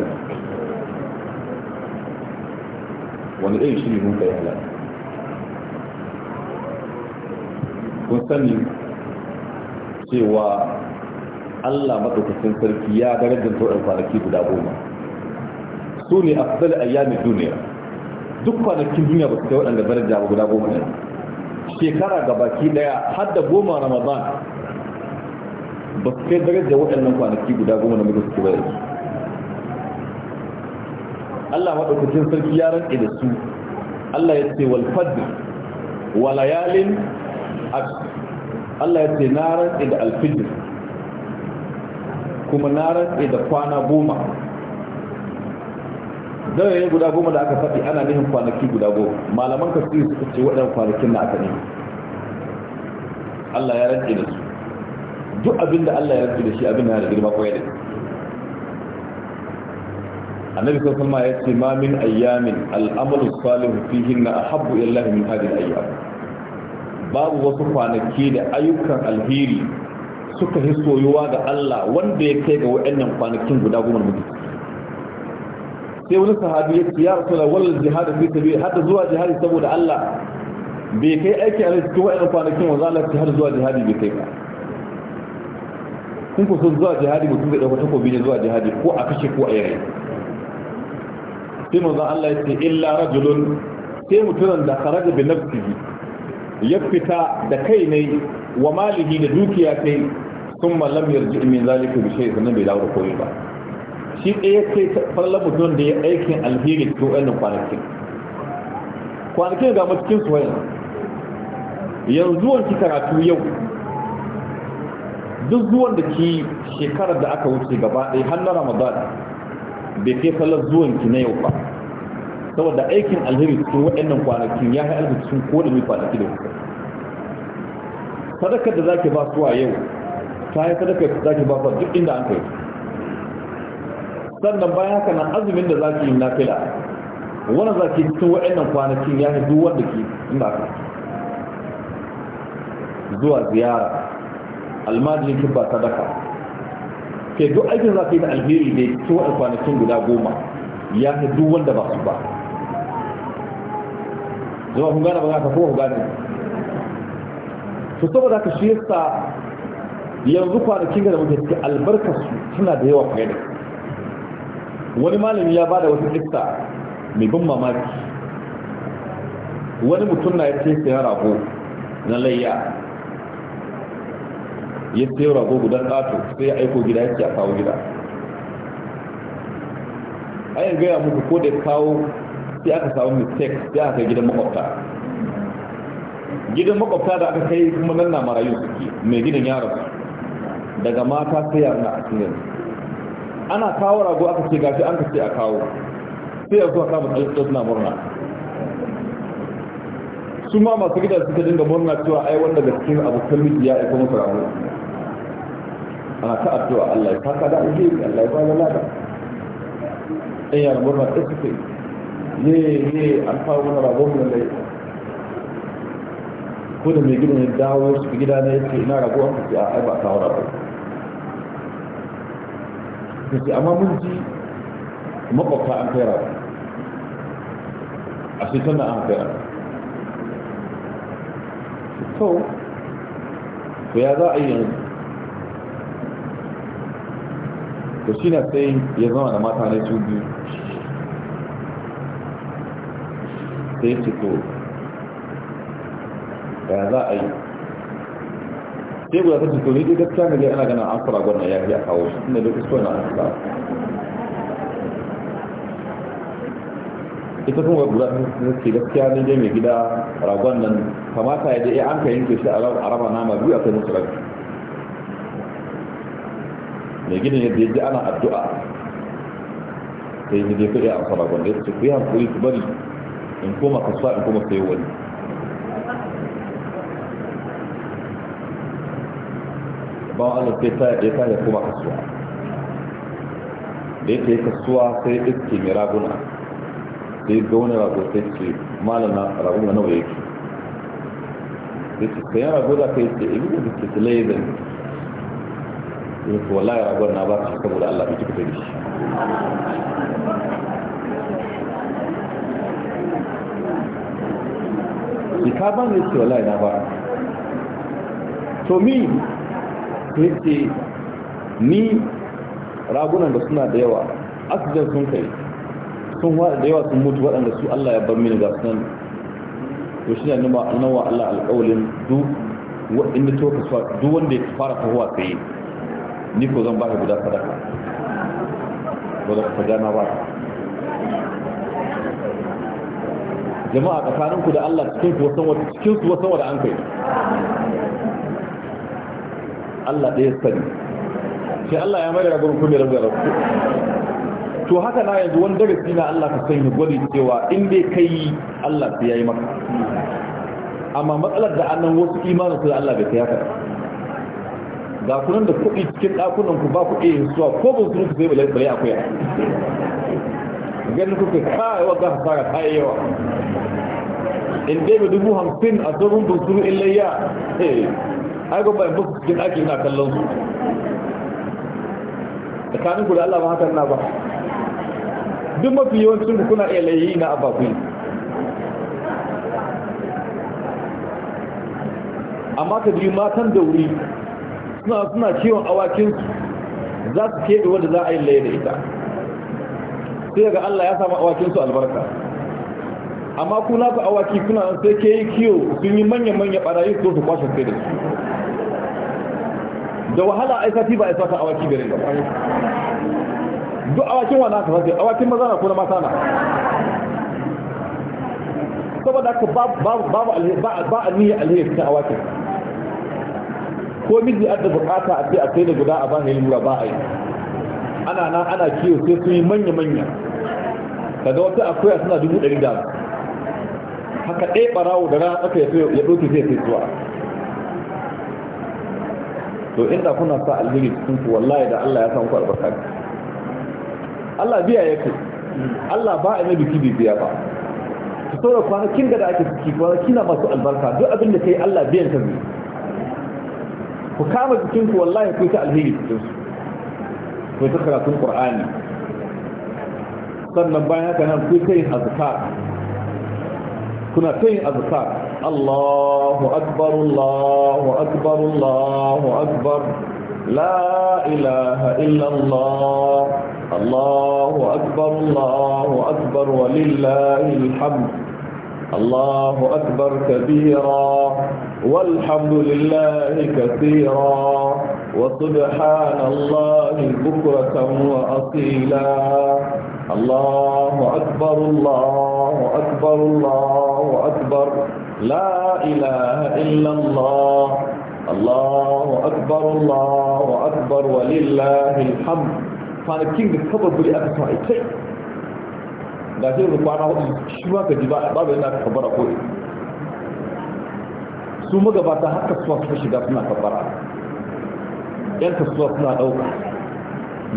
wani irin shiri mun kai halar kun sani cewa Allah maɗaukacin sarki ya darajar tsoron kwanaki guda goma su ne a fasar ayyami duniya duk kwanakin duniya ba su kai waɗanda daraja ba guda goma ɗaya shekara ga baki ɗaya har da goma ramadan ba su kai daraja waɗannan kwanaki guda goma na su kai bayar Allah ɗaukacin sarki ya rantse da su Allah ya ce wal fadl wa layalin Allah ya ce na rantse da alfijir kuma na rantse da kwana goma dare guda goma da aka faɗi ana nihin kwanaki guda goma malaman su suka ce waɗannan kwanakin na aka ne Allah ya rantsi da su duk abin da Allah ya rantsi da shi abin da ya girma kwaya da annabi sallallahu alaihi wasallam ya ce ma min ayyamin al'amalu salihu na ahabbu ila Allah min hadhihi al-ayyam babu wasu kwanaki da ayyukan alheri suka hisoyuwa ga Allah wanda ya kai ga waɗannan kwanakin guda goma da muke. sai wani sahabi ya ce ya rasula wal jihad fi sabi hatta zuwa jihadi saboda Allah bai kai aiki a cikin wa'annan kwanakin wa zalar har zuwa jihadi bai kai ba kun kusa zuwa jihadi mutum zai ɗauka takobi ne zuwa jihadi ko a kashe ko a yare sai manzon Allah ya ce illa rajulun sai mutumin da kharaja bi nafsihi ya fita da kai ne wa malihi da dukiya kai sun lam yarji min zalika bi shay'in nan bai dawo da komai ba shi ɗaya kai falla mutum da ya aikin alheri ko wannan kwanakin kwanakin ga cikin su yanzu wanki karatu yau duk zuwan da ke shekarar da aka wuce gaba ɗaya har na ramadan bai kai falla zuwan ki na yau ba saboda aikin alheri cikin waɗannan kwanakin ya haɗa da cikin ko da mai kwanaki da kuka sadakar da zaki ba suwa yau ta yi sadakar da zaki ba duk inda an kai sannan bayan haka nan azumin da zaki yi nafila wani zaki cikin wa'annan kwanakin ya duk wanda ke inda aka zuwa ziyara almajirin kin ba sadaka ke duk aikin zaki da alheri ne cikin wa'annan kwanakin guda goma ya duk wanda ba su ba zuwa kun gane ba za ka kuma ku gane to saboda ka shi yasa yanzu kwanakin da muke cikin albarkar suna da yawa fiye wani malami ya bada wata kissa mai ban mamaki wani mutum na ya ce sai rago na layya ya ce rago guda ƙato sai ya aiko gida yake a kawo gida a yin gaya muku ko da ya kawo sai aka samu mistake sai aka kai gidan makwabta gidan makwabta da aka kai kuma nan na marayu suke mai gidan yaron daga mata sai yarna a cikin yanzu ana kawo rago aka ce gashi an kace a kawo sai a zuwa kama tsaye suna murna su ma masu gida suka dinga murna cewa ai wanda da cikin abokan miki ya aika musu rago ana ta addu'a Allah ya kada da Allah ya ba da lada in yana murna ta suke ne ne an kawo mana rago mu lai ko da mai gidan ya dawo su gida ne ya ce ina rago an ce a ai ba kawo rago kace amma mun ji makwabta an kai rawa a shekan na an kai rawa to to ya za a yi yanzu to shi na sai ya zama da mata ne su biyu sai ce to ya za a yi sai guda ta ce to ni dai gaskiya ana ganin an fara gwanon ya fi a kawo shi inda duk isko na an fara ita kuma guda ta ce gaskiya ne dai mai gida ragon nan kamata ya dai eh, an ka yanke shi a raba nama biyu a kai musu rabi mai gidan yadda ya ji ana addu'a sai ni dai kuɗi a fara gwanon ya ce ku yi hankali su bari in koma kasuwa in koma sayo wani ba Allah sai ta ya ta ya kuma kasuwa da yake kasuwa sai iske mai raguna sai ga wani rago sai ce malana raguna nawa yake sai ce sai rago da kai ce ibi da ke tilayen ya Wala wallahi ragon na ba shi saboda Allah bai kika da shi ki ka ban ne ce wallahi na ba to mi. sai ce ni ragunan da suna da yawa asijan sun kai sun da yawa sun mutu waɗanda su Allah ya bar mini ga sunan to shi ne nima wa Allah alƙawalin duk inda to kasuwa duk wanda ya fara tahowa yi, ni ko zan ba guda sadaka ba da ka gana ba jama'a tsakaninku da Allah cikin su wasan wa cikin su wasan an kai Allah ɗaya sani sai Allah ya mai da ragar kunne da ragar to haka na yanzu wani darasi na Allah ka sani gwadi cewa in dai kai Allah ya yi maka amma matsalar da annan wasu imanin su da Allah bai kai haka ga kunan da kuɗi cikin ɗakunan ku ba ku iya suwa ko ban su zai sai bala balai akwai ganin kuka kai wa ga hasara kai yawa in dai dubu hamsin a sauran ban suru illayya haka ba in buku cikin ake na kallon su da ku da Allah ba haka na ba duk mafi yawancin ku kuna iya layi na abba amma ka ji matan da wuri suna suna kiwon awakin za su keɓe wanda za a yi laye da ita sai ga Allah ya samu awakin su albarka amma ku na ku awaki kuna sai ke yi kiyo sun yi manya-manya barayi su su kwashe sai da su da wahala a sati ba a sata awaki garin ba duk awakin wa na ka awakin maza na ko na mata na saboda ka ba a niyyar alheri cikin awakin ko miji adda bukata a ce a sai da guda a bani lura ba a yi ana na ana kiyo sai sun yi manya-manya daga wata akwai suna dubu ɗari da haka ɗaya ɓarawo da rana aka ya ɗauke sai sai zuwa to inda kuna sa alheri cikin ku wallahi da Allah ya san ku albarka Allah biya yake Allah ba a nabi kibi biya ba ku tsora kwanakin da ake ciki kwanaki na masu albarka duk abin da kai Allah biyan ka zai ku kama cikin ku wallahi ku ta alheri cikin ku ta karatun Qur'ani sannan bayan haka nan ku ta yin azkar kuna ta yin azkar الله أكبر الله أكبر الله أكبر لا إله إلا الله الله أكبر الله أكبر ولله الحمد الله أكبر كبيرا والحمد لله كثيرا وسبحان الله بكرة وأصيلا الله أكبر الله أكبر الله لا إله إلا الله الله أكبر الله أكبر ولله الحمد kwanakin da kababuli aka sa ita da sai da kwana hudu shi ma ka ji babu yana kabara ko su magabata haka suwa suka shiga suna kabara yan kasuwa suna ɗauka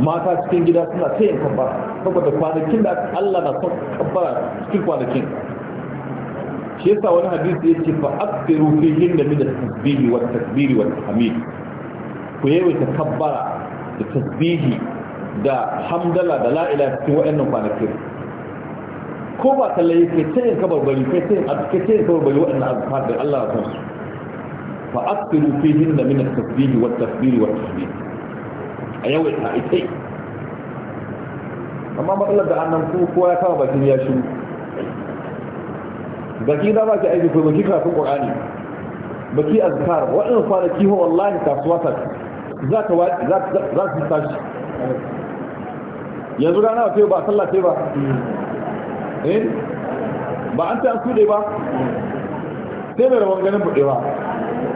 mata cikin gida suna ta yin kabara saboda kwanakin da Allah na son kabara cikin kwanakin shi yasa wani hadisi yace fa aktiru fi hinda min at-tasbih wa at-takbir wa at-hamid ku yawaita kabbara da tasbihi da hamdala da la ilaha cikin waɗannan kwanakin ko ba kallon yake ta yin kabarbari kai ta yin aske ta yin kabarbari waɗannan azkar da Allah ya kansu fa aktiru fi hinda min at-tasbih wa at-takbir wa at-hamid a yawaita ita amma matsalar da annan kowa ya kama bakin ya shiru baki da ba ki aiki ko baki karatun qur'ani baki azkar waɗannan kwanaki ho wallahi kasuwa ta za ka za za su tashi yanzu rana ba ba sallah ce ba eh ba an ta kuɗe ba sai mai rabon ganin buɗe ba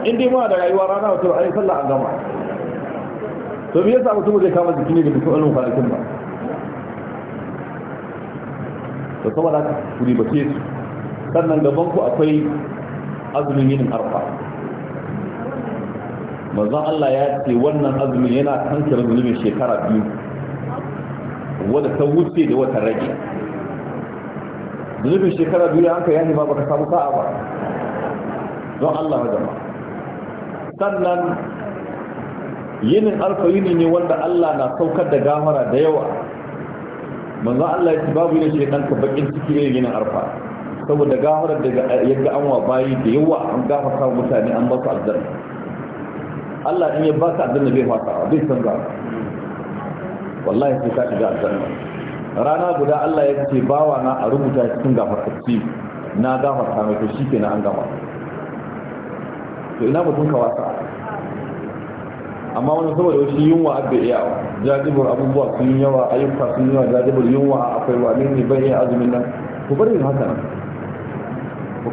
in dai ma da rayuwa rana ba ba yi sallah an gama to me yasa mutum zai kama jiki ne da dukkan wannan kwanakin ba to saboda ku ribace su sannan gaban ku akwai azumin yin arfa manzon Allah ya ce wannan azumin yana kankare zunubin shekara biyu wadda ta wuce da wata rage zunubin shekara biyu da hanka yanzu ba baka samu sa'a ba don Allah jama sannan yinin arfa yini ne wanda Allah na saukar da gamara da yawa manzon Allah ya ce babu yin shekanka bakin ciki irin yinin arfa saboda gawar da yadda an wa bayi da yawa an gafa kawo mutane an ba su aljanna Allah in ya ba su aljanna wasa, fata bai san ga wallahi sai ka shiga aljanna rana guda Allah ya ce bawa na a rubuta cikin gafartacci na gafarta mai to na an gama to ina mutum ka wasa amma wani saboda wasu yunwa abu iya jajibar abubuwa sun yawa ayyuka sun yawa jajibar yunwa akwai wa ne bai iya azumin nan ku bari yin haka nan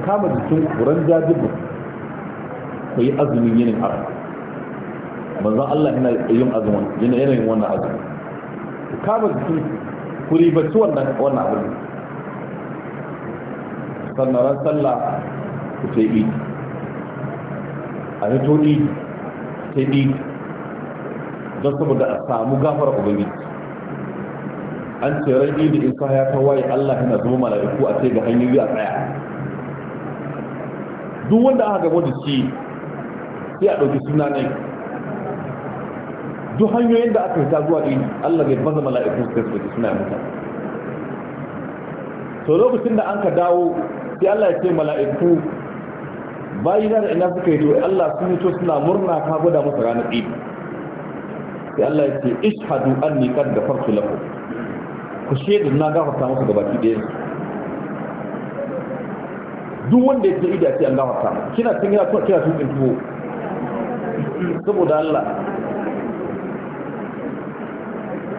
kama jikin kuran jajibin ku yi azumin yinin arafa Banzan Allah yana yin azumin yana yanayin wannan azumin ku kama jikin ku ribarci wannan wannan abin sannan ran sallah ku ce idi a hito idi ce idi don saboda a samu gafara ubangiji an ce ran idi in sa ya waye Allah yana zama mala'iku a ce ga hanyoyi a tsaya duk wanda aka gaba da shi sai a ɗauki suna ne duk hanyoyin da aka fita zuwa ɗini Allah bai baza mala'iku su kai su suna mutane to lokacin da an ka dawo sai Allah ya ce mala'iku bayi na da ina suka yi to Allah sun yi to suna murna ka gwada masa ranar ɗini sai Allah ya ce ishadu anni kad gafartu lakum ku shaidu na gafarta masa gabaki ɗaya su duk wanda ya ida ce an ta kina tun yana tuwa kina tukin tuwo saboda Allah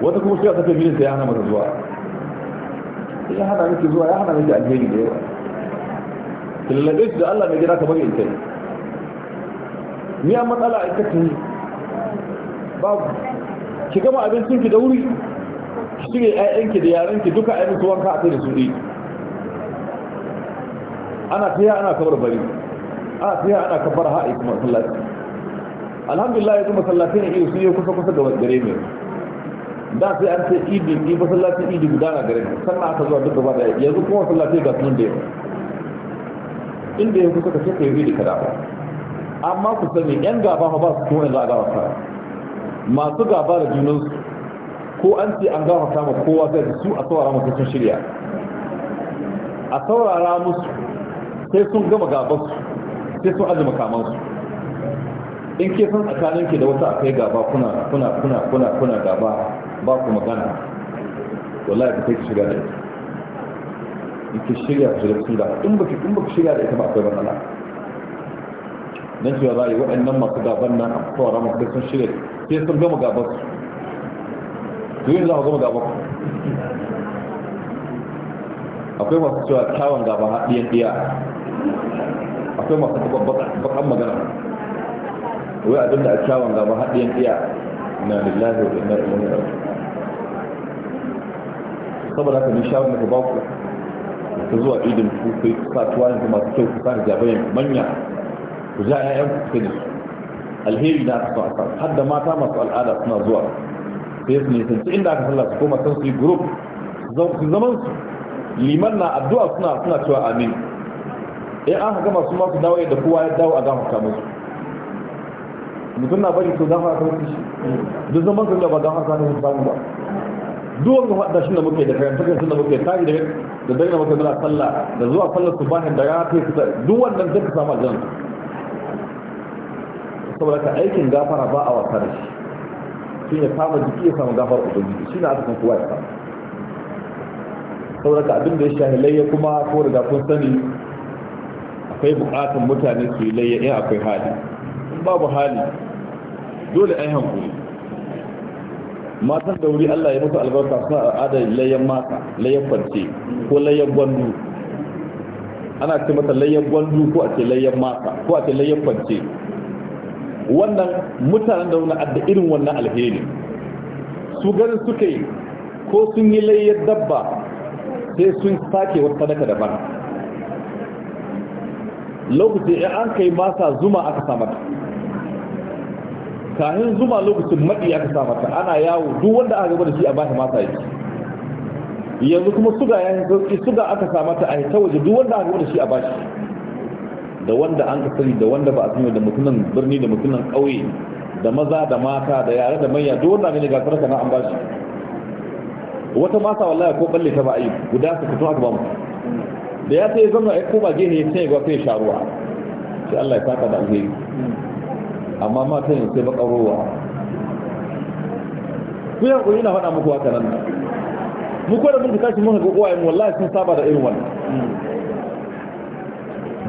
wata kuma shiga tafiya gidansa ya hana mata zuwa ya hana miki zuwa ya hana miki alheri da yawa da su da Allah mai gida ka bari ita ni an matsala ita ta yi babu ki gama abincinki da wuri shi ne 'ya'yanki da yaranki duka ayyukan wanka a kai da su ɗi ana tiya ana kabar bari ana tiya ana kabar ha'i kuma masallaci alhamdulillah yanzu masallaci ne su yi kusa kusa da gare mai da sai an ce idi ni masallaci idi guda na gare sannan aka zuwa duk gaba da yanzu kuma masallaci ga sun da yawa inda ya kusa ka ce ka yi idi kada amma ku sani yan gaba fa ba su kuma yanzu a gaba fara masu gaba da junansu ko an ce an gaba sama kowa zai su a saurara masu sun shirya a saurara musu sai sun gama gabansu sai sun azuma kamansu in ke san tsakanin ke da wasu yi gaba kuna kuna kuna kuna kuna gaba ba ku magana wallahi ka sai ki shiga da ita in ki shirya ku shiga cikin gaba in baki in shirya da ita ba akwai matsala dan cewa za a yi waɗannan masu gaban nan a tsawara masu sun shirya sai sun gama gabansu Su yin za ku gama ku akwai masu cewa kyawun gaba haɗiyan ɗiya akwai masu bakan magana wai abin da a kyawun gaba haɗiyan iya na lillahi wa inna ilaihi raji saboda haka ni shawun da ba ku ta zuwa idin ku sai ku sa tuwayen ku masu kyau ku sa hijabayen manya ku ja 'ya'yan ku sai da su alheri na aka so a sa har da mata masu al'ada suna zuwa sai su nisanci inda aka sallah su koma san su yi group su zaman su liman na addu'a suna suna cewa amin ya eh, an haka masu masu dawo da kowa ya dawo a kamar su mutum na bari to a musu shi duk zaman su da ba gafarta musu samu ba duk wanda haɗa shi da muke da karanta kan da muke tari da da dai na mutum da sallah da zuwa sallar bahin da ya kai kusa duk wannan zai samu aljanna saboda ka aikin gafara ba a wasa da shi shi ne kama jiki ya samu gafar ubangiji shi na aka kowa ya samu saboda ka abin da ya shahilai ya kuma ko riga kun sani akwai bukatun mutane su yi layya in akwai hali in babu hali dole ai hankuri matan da wuri Allah ya musu albarka sa al'ada layyan mata layyan kwance ko layyan gwandu ana ce mata layyan gwandu ko a ce layyan mata ko a ce layyan kwance wannan mutanen da wuna adda irin wannan alheri su ganin suka yi ko sun yi layyar dabba sai sun sake wata daga daban lokacin ya an kai masa zuma aka samata kahin zuma lokacin maɗi aka samata ana yawo duk wanda aka gaba da shi a shi masa yi yanzu kuma suga ya yi sauƙi suga aka samata a ta waje duk wanda aka gaba da shi a bashi da wanda an ka sani da wanda ba a sani da mutumin birni da mutumin ƙauye da maza da mata da yare da manya duk wanda ne ga sarka na an bashi wata masa wallahi ko balle ta ba a yi guda su fito aka ba mutum da ya sai zama ya koma gehe ya sai ba sai sharuwa sai Allah ya saka da alheri amma matan yin sai baka ku yi ku na faɗa muku haka nan mu ko da muka tashi mun ga uwaye mu wallahi sun saba da irin wannan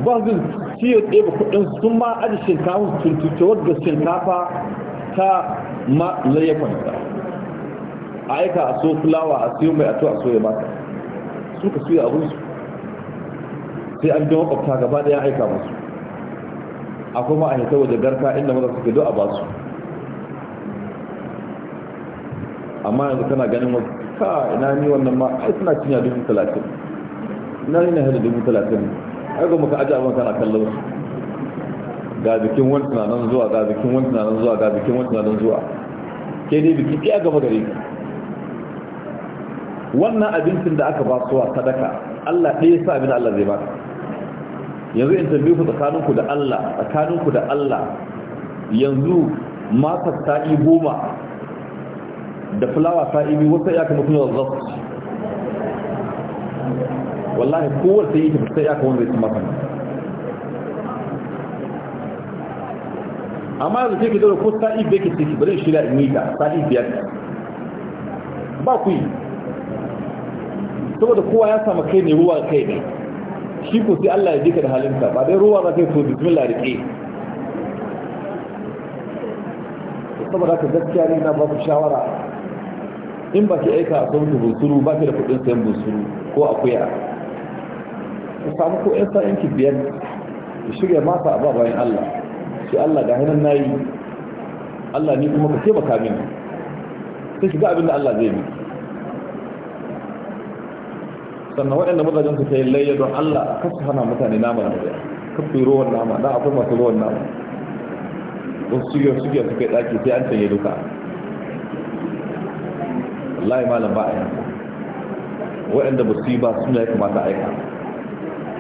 ba su ci ya ɗebe kuɗin sun ma aji shinkafa sun cuce wadda shinkafa ta ma layyakon ta a aika a so fulawa a siyo mai a to a so ya baka suka suya abinsu sai an biyan kwafta gaba ɗaya aika musu a kuma a hita waje garka inda maza suke do a ba su amma yanzu kana ganin wasu ka ina ni wannan ma ai suna cinya dubu talatin ina ni na hada dubu talatin ai ga muka aji abin kana kallon su ga bikin wani tunanin zuwa ga bikin wani tunanin zuwa ga bikin wani tunanin zuwa ke dai biki ɗaya gaba gare wannan abincin da aka ba suwa sadaka Allah ɗaya sa abin Allah zai baka yanzu in tambaye ku tsakaninku da Allah tsakaninku da Allah yanzu ta sa'i goma da fulawa sa'i biyu wasu ya kama kuma zasu wallahi kowar sai yi tafi sai ya kama zai maka amma yanzu ke dole ko sa'i bai ke ciki bari shi da yi ta sa'i biyar ba ku yi saboda kowa ya samu kai ne ruwa kai ne shi ko sai Allah ya jika da halinka ba dai ruwa za ba sai to bismillah rike saboda ka gaskiya ne na baku shawara in ba ki aika a sauki busuru ba ki da kudin sayan busuru ko akuya ku samu ko yan sa'in ki biyar ki shirya masa a ba Allah shi Allah ga hannun nayi Allah ni kuma ka taimaka mini sai shiga abin da Allah zai miki sannan waɗanda mazajen su yi layya don Allah kasu hana mutane nama na mazajen kafin ruwan nama na akwai masu ruwan nama wasu sugiyar sugiyar su kai ɗaki sai an canye duka wallahi malam ba a yi waɗanda ba su yi ba suna ya kamata aika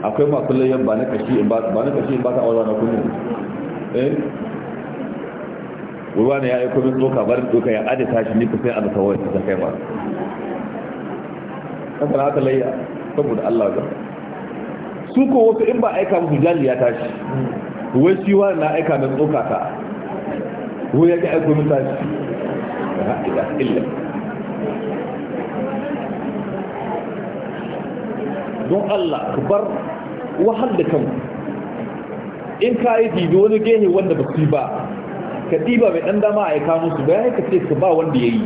akwai masu layyan ba na kashi in ba na kashi in ba ta aura na kullum eh ruwa ne ya aiko min tsoka barin doka ya adata shi ni kusa ya adata wani ta kai ba kasar haka layya saboda Allah ga su ko wasu in ba aika musu jali ya tashi wai shi wa na aika na tsoka ta ko ya ga aiko mu tashi ila illa don Allah ka bar wahal da kanku in ka yi dido wani gehe wanda ba su ba ka ɗiba mai ɗan dama a aika musu yi ka ce su ba wanda ya yi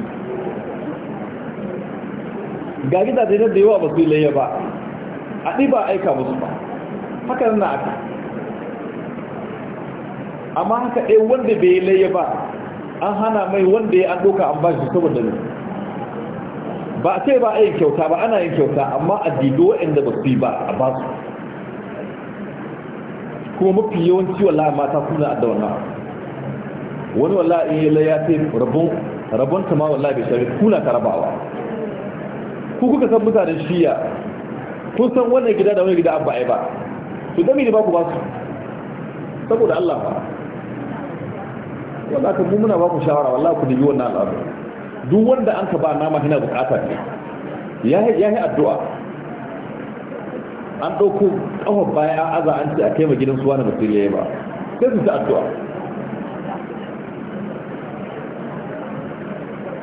ga gidaje da yawa ba su yi layya ba a ɗi ba aika musu ba haka nuna aka amma haka ɗai wanda bai yi layya ba an hana mai wanda ya an ɗoka an bashi saboda ne ba a ce ba a yin kyauta ba ana yin kyauta amma a dido waɗanda ba su yi ba a ba su kuma mafi yawanci wallahi mata suna adda wannan wani wallahi in yi layya sai rabon rabon ta ma wallahi bai shafi kuna ta rabawa ku kuka san mutanen shiya kun san wannan gida da wani gida an ba ba su dami ne ba ku ba su saboda Allah ba wanda aka mummuna ba ku shawara wala ku dubi wannan al'adu duk wanda an ka ba nama yana bukata ne ya yi addu'a an ɗauko ƙafa baya an aza an ce a kai ma gidan suwa na mutum ya yi ba sai su ta addu'a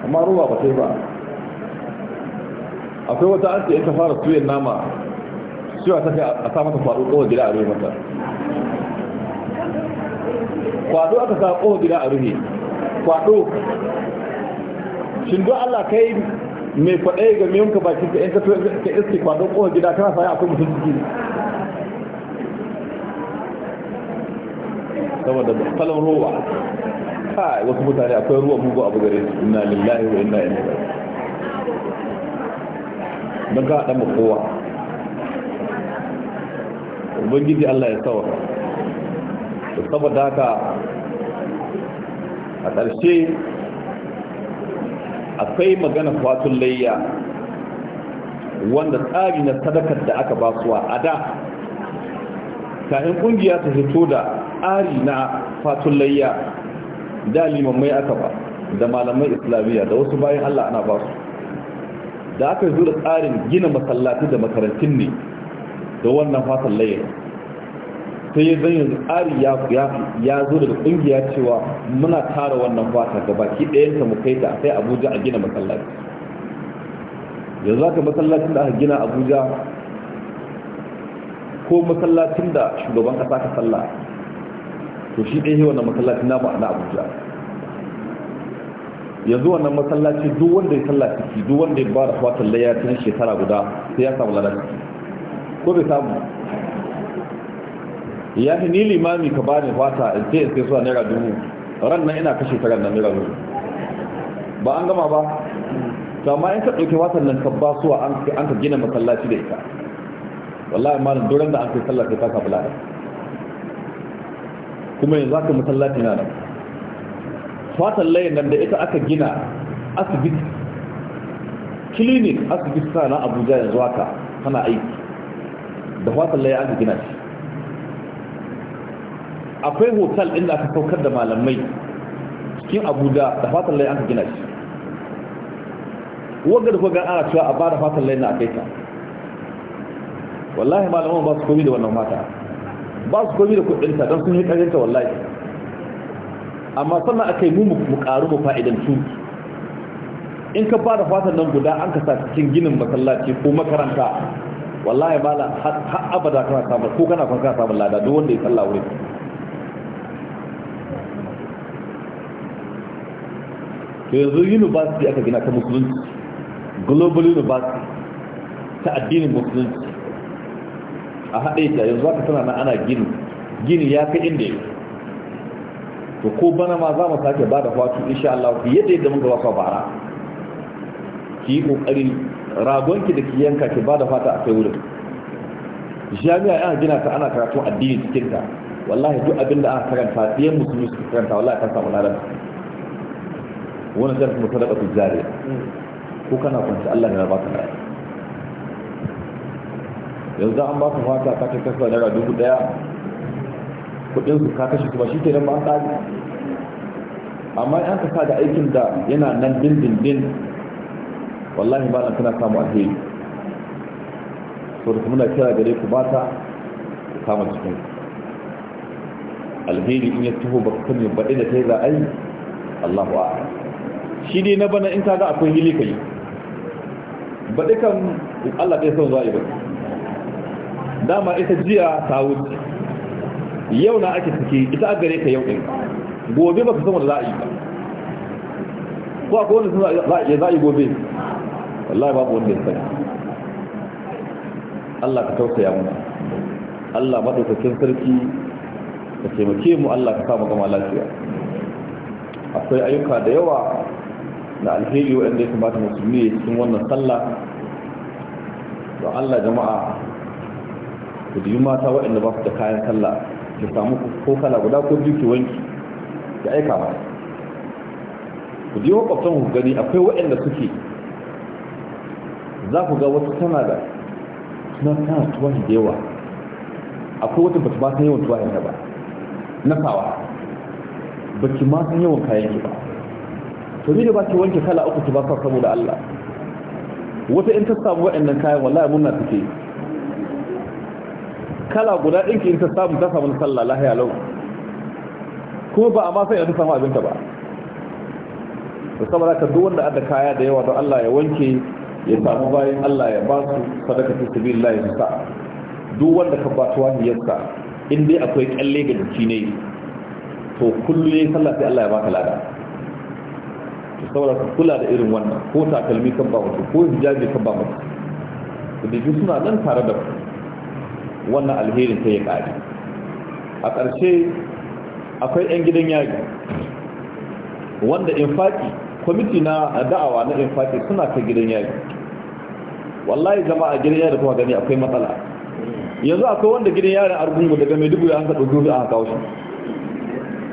amma ruwa ba sai ba akwai wata an ce ita fara tuyen nama cewa ta kai a samata mata faɗo ƙowar gida a rufe mata kwaɗo aka sa ƙowar gida a rufe kwaɗo shin don allah kai mai kwaɗe ga miyanka bakin ka in ka iske kwado ƙowar gida kana sa ya akwai mutum ciki saboda falon ruwa kai wasu mutane akwai ruwa mugu abu gare su inna lillahi wa inna ilaihi don ka haɗa kowa ubangiji allah ya sawa da saboda haka a ƙarshe akwai magana fatun layya wanda tsari na sadakar da aka basuwa a da kayan ƙungiya ta fito da tsari na fatun layya da mai aka ba da malamai islamiyya da wasu bayan allah ana basu da aka zo da tsarin gina masallatu da makarantun ne da wannan fatan layar sai ya zan yanzu tsari ya zo daga kungiya cewa muna tara wannan fata ga baki ɗayanta mu kai ta sai abuja a gina masallaci yanzu aka masallacin da aka gina abuja ko masallacin da shugaban ƙasa ka sallah to shi ɗaya wannan masallacin ba na abuja yanzu wannan masallaci duk wanda ya sallah ciki duk wanda ya ba da fatan laya shekara guda sai ya samu ladan ko bai samu ya fi ni limami ka ba ni fata in sai in sai zuwa naira dubu ran nan ina kashe tara nan naira dubu ba an gama ba to amma in ka ɗauki fatan nan ka ba suwa an ka gina masallaci da ita wallahi malam duran da an kai sallah sai ka kafa ladan kuma yanzu haka masallaci na nan fatan layin nan da ita aka gina asibiti clinic asibiti na abuja yanzu haka tana aiki da fatan layin aka gina shi akwai hotel inda aka saukar da malamai cikin abuja da fatan layin aka gina shi wadda da kuka ana cewa a ba da fatan layin na a kaita ta wallahi malamai ba su komi da wannan mata ba su komi da kudinta don sun yi karinta wallahi amma sannan aka yi mu mu karu mu fa'idantu in ka fara fatan nan guda an ka sa cikin ginin masallaci ko makaranta wallahi bala har abada kana samu ko kana ka samu lada duk wanda ya salla wurin to yanzu university aka gina ta musulunci global university ta addinin musulunci a haɗe ta yanzu aka tana na ana gini gini ya fi inda yake to ko bana ma za mu sake ba da fatu insha Allah yadda da yadda muka wasa bara ki yi kokari ragonki da ki yanka ki ba da fata a kai wurin jami'a yana gina ta ana karatu addini cikin ta wallahi duk abinda aka karanta ɗiyan musulmi su karanta wallahi kan samu ladan wani zai kuma sadaka su jariya ko kana kwanci Allah ya ka rai yanzu an baka fata ta kai kasa naira dubu daya kudin su ka kashe kuma shi ke nan ba an amma an ka sa da aikin da yana nan dindindin wallahi ba na tana samu alheri so da kuma na kira gare ku mata ku kama cikin alheri in ya taho ba ku sani ba da ta yi za a yi allahu a'a shi dai na bana in ka ga akwai hili kai ba dukan allah ɗaya son za a dama ita jiya ta wuce yau na ake suke ita a gare ka yau ɗin gobe ba ka sama da za a yi ba ko a wanda sun za a yi gobe wallahi babu wanda ya sani Allah ka tausaya muna Allah maɗaukakin sarki ka taimake mu Allah ka samu gama lafiya akwai ayyuka da yawa na alheri waɗanda ya kamata musulmi cikin wannan sallah ba Allah jama'a ku yi mata waɗanda ba su da kayan sallah ki samu ko kala guda ko biyu ki wanki ki aika ba ku je makwabtan ku gani akwai waɗanda suke za ku ga wata tana da suna tana tuwahi da yawa akwai wata bata ba ta yawan tuwahin ta ba na sawa ba ki ma san yawan kayan ki ba to ni da ba ki wanke kala uku ki ba saboda Allah wata in ta samu waɗannan kayan wallahi na suke kala guda ɗinki in ta samu ta samu sallah lahiya lau kuma ba a ma sai ta samu abinta ba da saboda ka duk wanda ada kaya da yawa don Allah ya wanke ya samu bayan Allah ya ba su sadaka ta sabi Allah ya sa duk wanda ka ba tuwa hiyarsa in dai akwai kyalle ga jiki ne to kullu yayin sallah sai Allah ya baka lada to saboda ka kula da irin wannan ko takalmi kan ba mutum ko hijabi kan ba mutum da suna nan tare da ku wannan alherin sai ya kare a ƙarshe akwai 'yan gidan yari wanda infaki kwamiti na da'awa na infaki suna kai gidan yari wallahi zama a gidan yari kuma gani akwai matsala yanzu akwai wanda gidan yarin argungu daga maiduguri an kaɗo dubu a kawo shi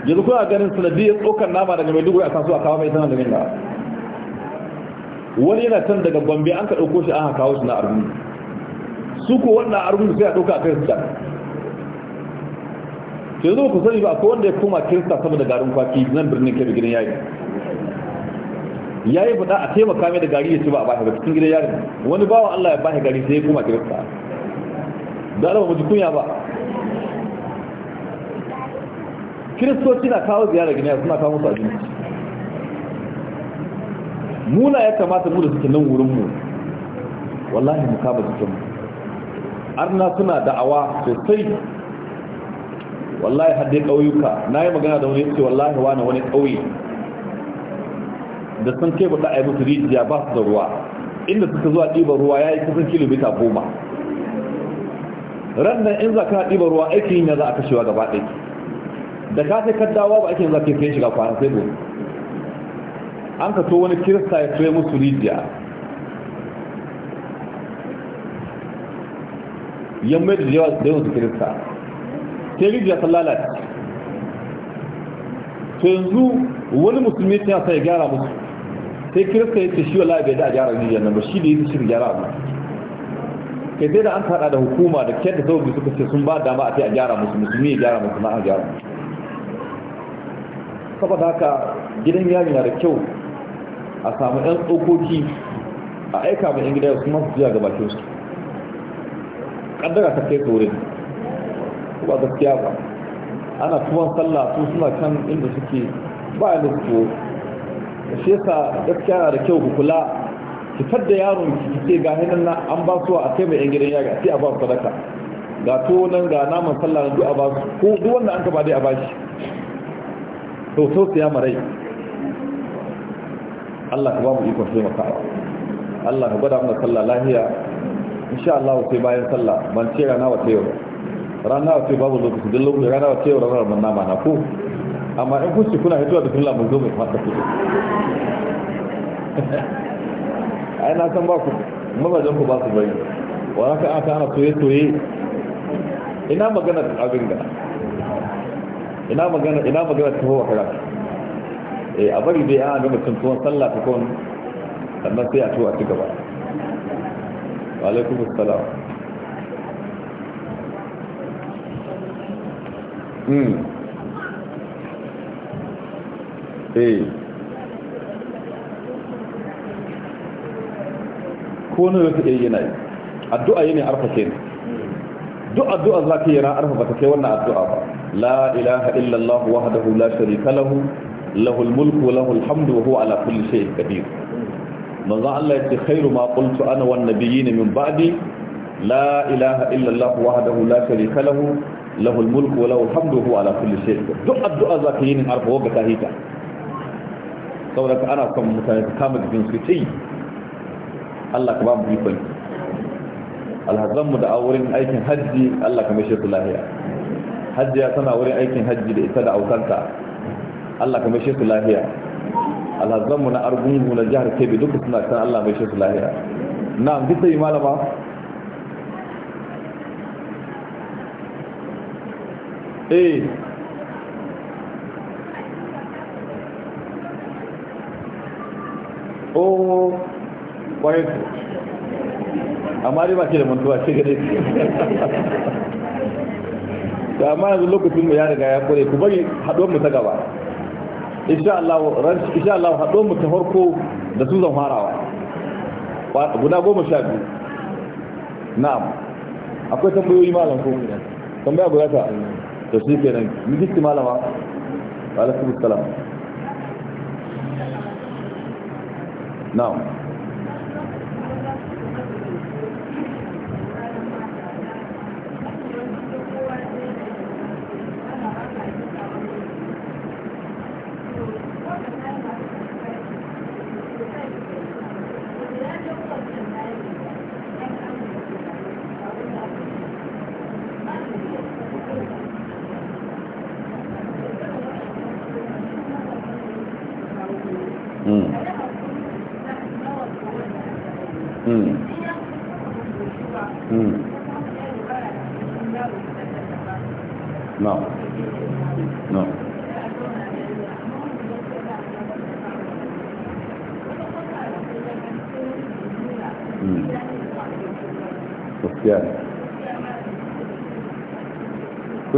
yanzu kuna ganin sanadiyar tsokar nama daga maiduguri a kasuwa kawo mai sanar da min wani yana can daga gombe an kaɗo ko shi an kawo shi na argungu su ko wannan a sai a ɗauka a kirista ke zo ku sani ba akwai wanda ya koma kirista saboda garin kwaki nan birnin kebe gidan yayi yayi faɗa a taimaka mai da gari ya ci ba a bashi ba cikin gidan yayi wani bawan Allah ya bashi gari sai ya koma kirista da alama mutu kunya ba kiristoci na kawo ziyara gina suna kawo musu abinci muna ya kamata mu da suke nan wurin mu wallahi mu kama jikinmu arna suna da'awa sosai wallahi haddai ƙauyuka na yi magana da wani yace wallahi wani wani ƙauye da sun ke ba a yi musu rijiya ba su da ruwa inda suka zuwa ɗiban ruwa ya yi kusan kilomita goma rannan in za ka ɗiban ruwa aiki yin za a kashewa gaba ɗaya da ka sai kaddawa ba aikin za ka yi shiga kwana sai gobe an ka to wani kirista ya tsaye musu rijiya yan mai da yawa da yawan kirista sai rijiya ta lalace to yanzu wani musulmi ta yasa ya gyara musu sai kirista ya ce shi wala bai da a gyara rijiyar nan ba shi da ya shirin gyara abu kai sai da an tada da hukuma da kyar da saboda suka ce sun ba dama a ce a gyara musu musulmi ya gyara musu na a gyara saboda haka gidan yari na da kyau a samu 'yan tsokoki a aika mai yan gida su masu jiya ga bakin su kaddara ta kai wurin ba gaskiya ba ana tuwon sallah su suna can inda suke ba a nufi shi yasa gaskiya na da kyau ku kula da yaron ki ce ga hinan na an ba su a taimaka yan gidan yaga sai a ba su sadaka ga to nan ga naman sallah na du'a ba su ko duk wanda an gaba dai a ba shi to to su ya marai Allah ka ba mu iko taimakawa Allah ka gwada mana sallah lafiya insha Allah sai bayan sallah ban ce rana wata yau rana wata yau babu lokaci duk lokaci rana wata yau ranar manna mana ko amma in kun ci kuna hitowa da kullum mun zo mu fata ku <laughs> ai na san ba ku mazajen ku ba su bari wa haka aka ana toye toye ina magana abin da ina magana ina magana ta hawa kara eh a bari dai an ga mutum tuwon sallah ta kon sannan sai a tuwa ci gaba wa alaikum assalam hmm eh yi yana yi addu'a yana arfa kenan duk addu'a za ka yi yana arfa ba ta kai wannan addu'a ba la ilaha illallah wahdahu la sharika lahu mulku hamdu ala kulli shay'in Kabiru. manzo Allah yace khairu ma qultu ana wan nabiyyin min ba'di la ilaha illa Allah wahdahu la sharika lahu lahu al-mulku wa lahu al-hamdu huwa ala kulli shay'in duk addu'a zaka yi nin arfa ga tahita saboda ana son mutane su kama jikin su ce Allah ka ba mu ikon alhazanmu da a wurin aikin hajji Allah ka mai su lahiya hajjiya tana wurin aikin hajji da ita da autanta Allah ka mai su lahiya alhazanmu na argungu na jihar kebe duka suna san allah mai shafi lahira na gita yi malama eh oh kwaye ku amma da mantuwa ce <laughs> da amma yanzu lokacin mu ya riga ya kure ku bari haɗuwar mu ta gaba insha Allah haɗo mu ta farko da su zan farawa guda goma sha biyu na'am akwai tambayoyi malam ko tambaya guda ta da su ke nan mijisti malama Ba alaikum salam na'am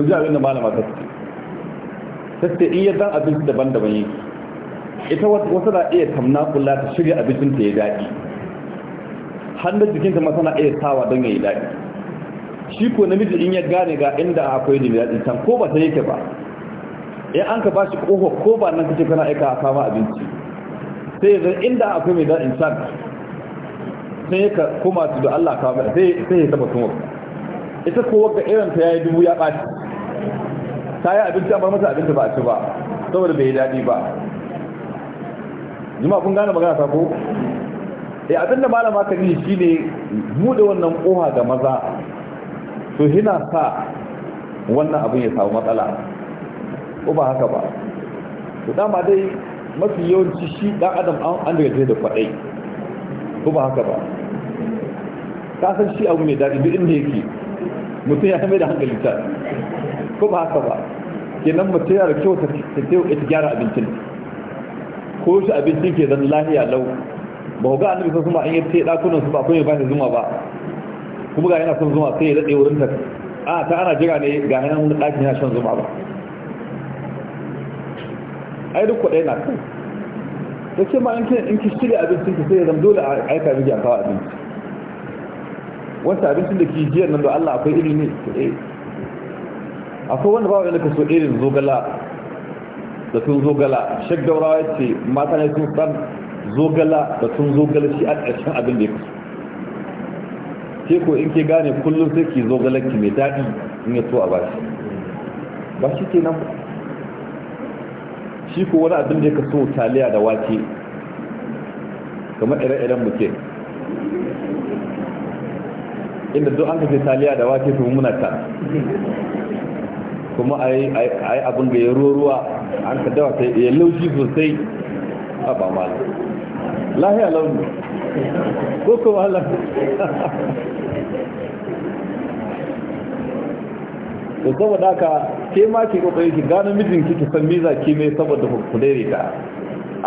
ji abin da malama ta ce in iya dan abinci daban-daban yi ita wasu na iya tamna kula ta shirya abincin ta ya daɗi hannun jikinta ma tana iya sawa don ya yi daɗi shi ko namiji in ya gane ga inda akwai da daɗi can ko ba ta yake ba ya an ka bashi kofa ko ba nan kace kana aika kama abinci sai zan inda akwai mai daɗin can sai ya koma su da Allah kama sai sai ya taba kuma ita ko ga irin ta yayi dubu ya ɓaci ta yi abinci a masa abinci ba a ci ba saboda bai yi daɗi ba jima kun gane magana sako ko ya eh, abinda malama ta yi shi ne buɗe wannan ƙoha ga maza to hina sa wannan abin ya samu matsala ko ba haka ba to dama dai mafi yawanci shi ɗan adam an daga da kwaɗai ko ba haka ba ka san shi abu mai daɗi duk inda yake mutum ya mai da hankali ta ko ba haka ba kenan mace yana da kyau ta ta gyara abincin ko shi abincin ke zan lahiya lau ba ga annabi sun zuma an yi tsaye dakunan su ba kuma ba shi zuma ba kuma ga yana son zuma sai ya daɗe wurin ta a ta ana jira ne ga yana wani ɗakin yana shan zuma ba ai duk kwaɗai na kai ta ce ma in ki shirya abincin ki sai ya zama dole a aika miji a kawo abinci wasu abincin da ki jiyar nan da Allah akwai ilimi ne eh. akwai wanda bawa yana kaso irin zogala da sun zogala shek daurawa ya ce mata ne sun san zogala da sun zogala shi a ƙarshen abin da ya kusa ke ko in ke gane kullum sai ki zogala ki mai daɗi in ya so a bashi ba shi ke nan shi ko wani abin da ya kaso taliya da wake kamar ire-iren muke inda duk an kafe taliya da wake sun muna ta kuma a yi abin da ya ruwa an ka dawa ta ya lauki sosai a ba ma lahiya launi ko ko wala <laughs> to saboda ka ke ma ke kokari ki gano mijin ki ki san miza ki mai saboda ku daire ta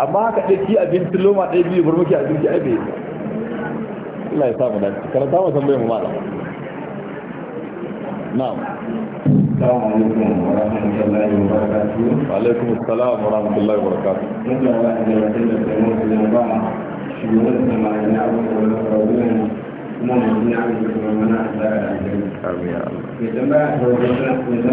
amma haka dai ki abinci loma ɗaya biyu bar muke abinci ai bai Allah ya samu da karanta mu san bai mu malama na'am السلام عليكم ورحمة الله وبركاته وعليكم السلام ورحمة الله وبركاته نبدأ واحد وسيلة الموت للبعض شمولت مع النعوة والأقربين ومن النعوة ومن أحباب الجنة آمين يا الله